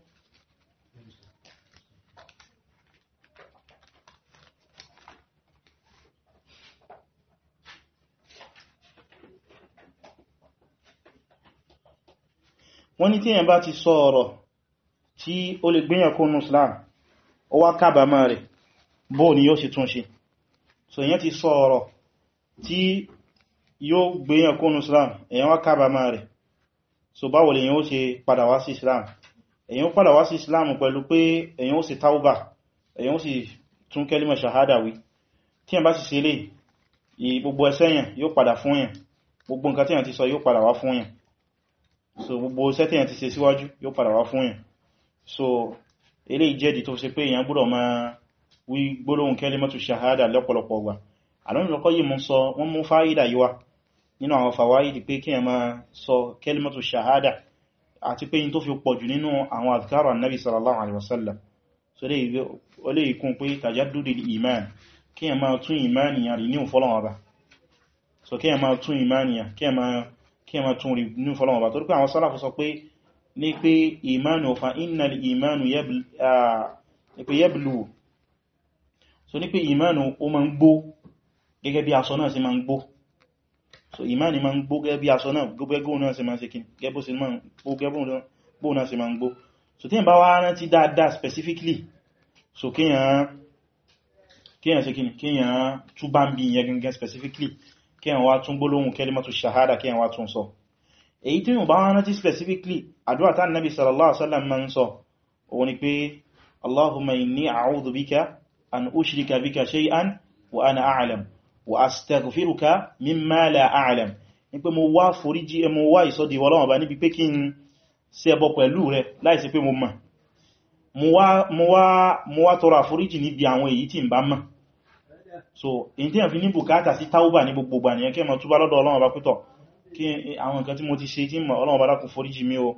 wọ́n ní tí èyàn bá ti sọ ọ̀rọ̀ tí ó lè gbéyàn kó nù Islam ó wá kábàámà rẹ̀ bó ni yóò sì tún ṣe so èyàn ti sọ ọ̀rọ̀ tí yóò gbéyàn kó nù Islam èyàn wá kábàámà rẹ̀ so báwo lè yóò ṣe padà wá sí Islam èyàn padà wá sí Islam pẹ̀lú pé èyàn ó sì tauba èyàn ó sì tún kẹ́límà ṣàhádà wí tí èyàn bá sì ṣe lè gbogbo ẹ̀ṣẹ̀ yẹn yóò padà fún yẹn gbogbo nǹkan tí èyàn ti sọ yóò padà wá fún yẹn so gbogbo sẹ́tẹ̀ yẹn ti ṣe síwájú yóò padà wá fún yẹn so eléyìí jẹ́ ìdí tó ṣe pé èyàn gbọ́dọ̀ máa wí gbólóhùn kalimatu shahada lọ́pọ̀lọpọ̀ ọgbà alónìlọ́kọ́ yìí mú sọ wọ́n mú fáyídà yíwá nínú àwọn fàwáyìdì pé kí ẹ̀mà sọ kalimatu shahada àti pé yí tó fi pọ̀ jù nínú àwọn adhkar annabi sallallahu alaihi wasallam so lè kún pé tajaddudil iman kí ẹ̀mà tún imaniya rí ní òfọ́lọ́wọ́ ba so kí ẹ̀mà tún imaniya kí ẹ̀mà kí ẹmà tún rí ní fọ́lọ́wọ́ bá torí pé àwọn sálàfù sọ pé ní pé ìmánu fa iná ìmánu yẹ́bìlú so ní pé ìmánu ó ma ń gbó gẹ́gẹ́ bí aṣọ náà sí ma ń gbó so ìmáni ma ń gbó gẹ́gẹ́ bí aṣọ náà gbogbo náà sí ma ń se náà sí so tí ìbá wá rántí dáadáa specifically so kíyàn kíyàn sí kíyàn túbá ń bí ìyẹn gẹ́gẹ́ specifically kí ẹ̀ wá tún gbólóhùn kẹlimatu shahada kí ẹ̀ wá tún sọ èyí tí yóò bá wọ́n rántí specifically àdúrà tán nabi sallallahu alaihi wasallam ma ń sọ òun ni pé allahumma inni a'udhu bika an ushrika bika shay'an wa ana a'lam wa astaghfiruka mimma la a'lam ní pé mo wá foríjì ẹ mo wá ìsọ́dì Ọlọ́run bá níbi pé kí n ṣe ẹbọ pẹ̀lú so in tí a fi ní bùkátà sí taubà gbogbo gbà nìyẹn kí ma túbá lọ́dọ̀ Ọlọ́run bá pítọ̀ kí àwọn nǹkan tí mo ti ṣe tí ma Ọlọ́run bá dákun foríjì mi o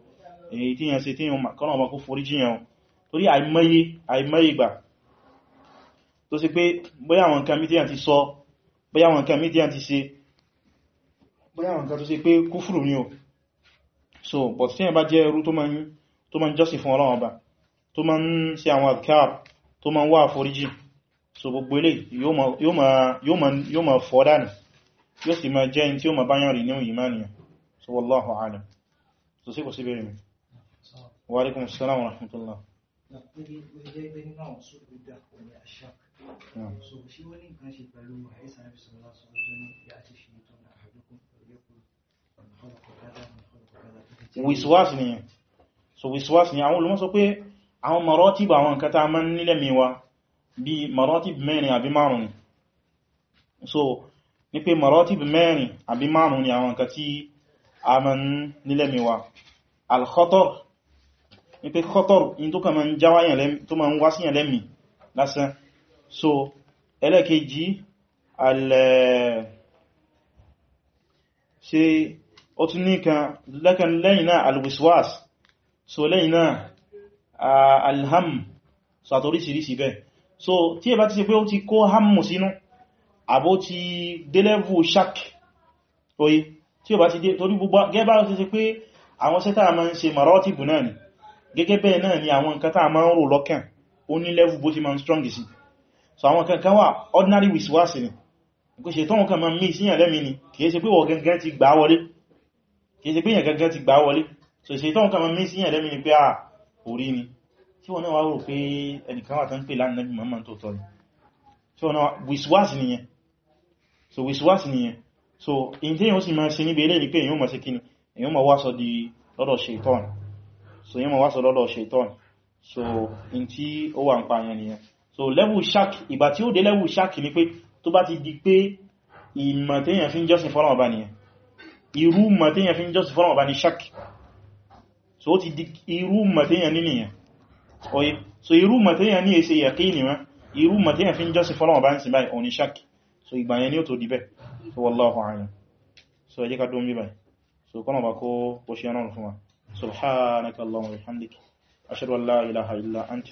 èyí tí yẹn ṣe tí yẹn kọ́nà bá kú foríjì yẹn o torí àìmọye àìmọye gbà tó sì pé bóyá àwọn nǹkan mi tí yẹn ti sọ bóyá àwọn nǹkan mi tí yẹn ti ṣe bóyá àwọn nǹkan tó ṣe pé kúfùrù ni o so but tí yẹn bá jẹ́ ẹrú tó ma ń jọ́sìn fún Ọlọ́run bá tó ma ń ṣe àwọn adkar ma ń wá so gbogbo ilé yóò ma fọ́ dánì yóò sì ma jẹ́ in tí ó ma báyàn rí nínú ìmáníyàn so wallahu alam so sí kò sí bèèrè mi wa alaikum assalam wa rahmatullah wiswas ni hmm. so wiswas àwọn olùmọ̀ pé àwọn maratibu àwọn nǹkan tá a máa ń nílẹ̀mí bí maratib mẹ́rin àbí márùn ni so ní pé maratib mẹ́rin àbí márùn ni àwọn nǹkan tí a ma ń nílẹ̀míwa al-khatar ní pé khatar in tó kàn ń jáwáyàn tó ma ń wá síyàn lẹ́mí lásán so ẹlẹ́kejì ṣe ó tún ní kan lẹ́kan so lẹ́yìn náà alham so àtorísìírísìí bẹ́ẹ̀ so tí ẹ bá ti ṣe pé ó ti kó hammu sínú àbó ti délẹ́vù shak oye tí ó bá ti dé torí gbogbo gẹ́bà ó ti ṣe pé àwọn sẹ́tà ma ń ṣe marọ́tìbù náà ni gẹ́gẹ́ bẹ́ẹ̀ náà ni àwọn nǹkan tàà ma ń rò lọ́kàn ó ní lẹ́vù bó ti ma ń strong sí so àwọn kankan wà ordinary wiswasi ni kò ṣe tọ́wọ́n kan ma mí síyàn lẹ́mi ni kìí ṣe pé wọ́n gangan ti gbà wọlé kìí ṣe pé yàn gangan ti gbà wọlé so ṣe tọ́wọ́n kan ma mí síyàn lẹ́mi ni pé à orí ni tí wọ́n náà wá pé ẹnìkan wà tán pè láàrín nẹ́bí mọ́mọ́ tó tọ́ ni tí wọ́n náà wíṣíwáṣì nìyẹn so wíṣíwáṣì nìyẹn so in tí yíò sì máa ṣe níbi ilé ní pé èyàn máa ṣe kíni èyàn máa wáṣọ di lọ́dọ̀ ṣetán so èyàn máa wáṣọ lọ́dọ̀ ṣetán so in tí ó wà ń pa yẹn nìyẹn so level shark ìgbà tí ó dé level shark ni pé tó bá ti di pé ìmọ̀ téèyàn fi ń jọ́sìn fọ́lọ́ ọba nìyẹn irú mọ̀ téèyàn fi ń jọ́sìn fọ́lọ́ ọba ni shark so ó ti di irú mọ̀ téèyàn ní nìyẹn oye so irú mọ̀tíyàn ní èsè yaqini wọn irú mọ̀tíyàn fi ń jọ́sí fọ́lọ́wọ́ bá ń sì báyìí òní ṣákì so ìgbà yẹn ni ó tó dìbẹ̀ so wallahu a'lam so ẹjẹ́ ká dómi báyìí so kọ́nà bá kó ó ṣe ọ̀nà fún wa subhanaka allahumma wa bihamdika ashhadu an la ilaha illa anta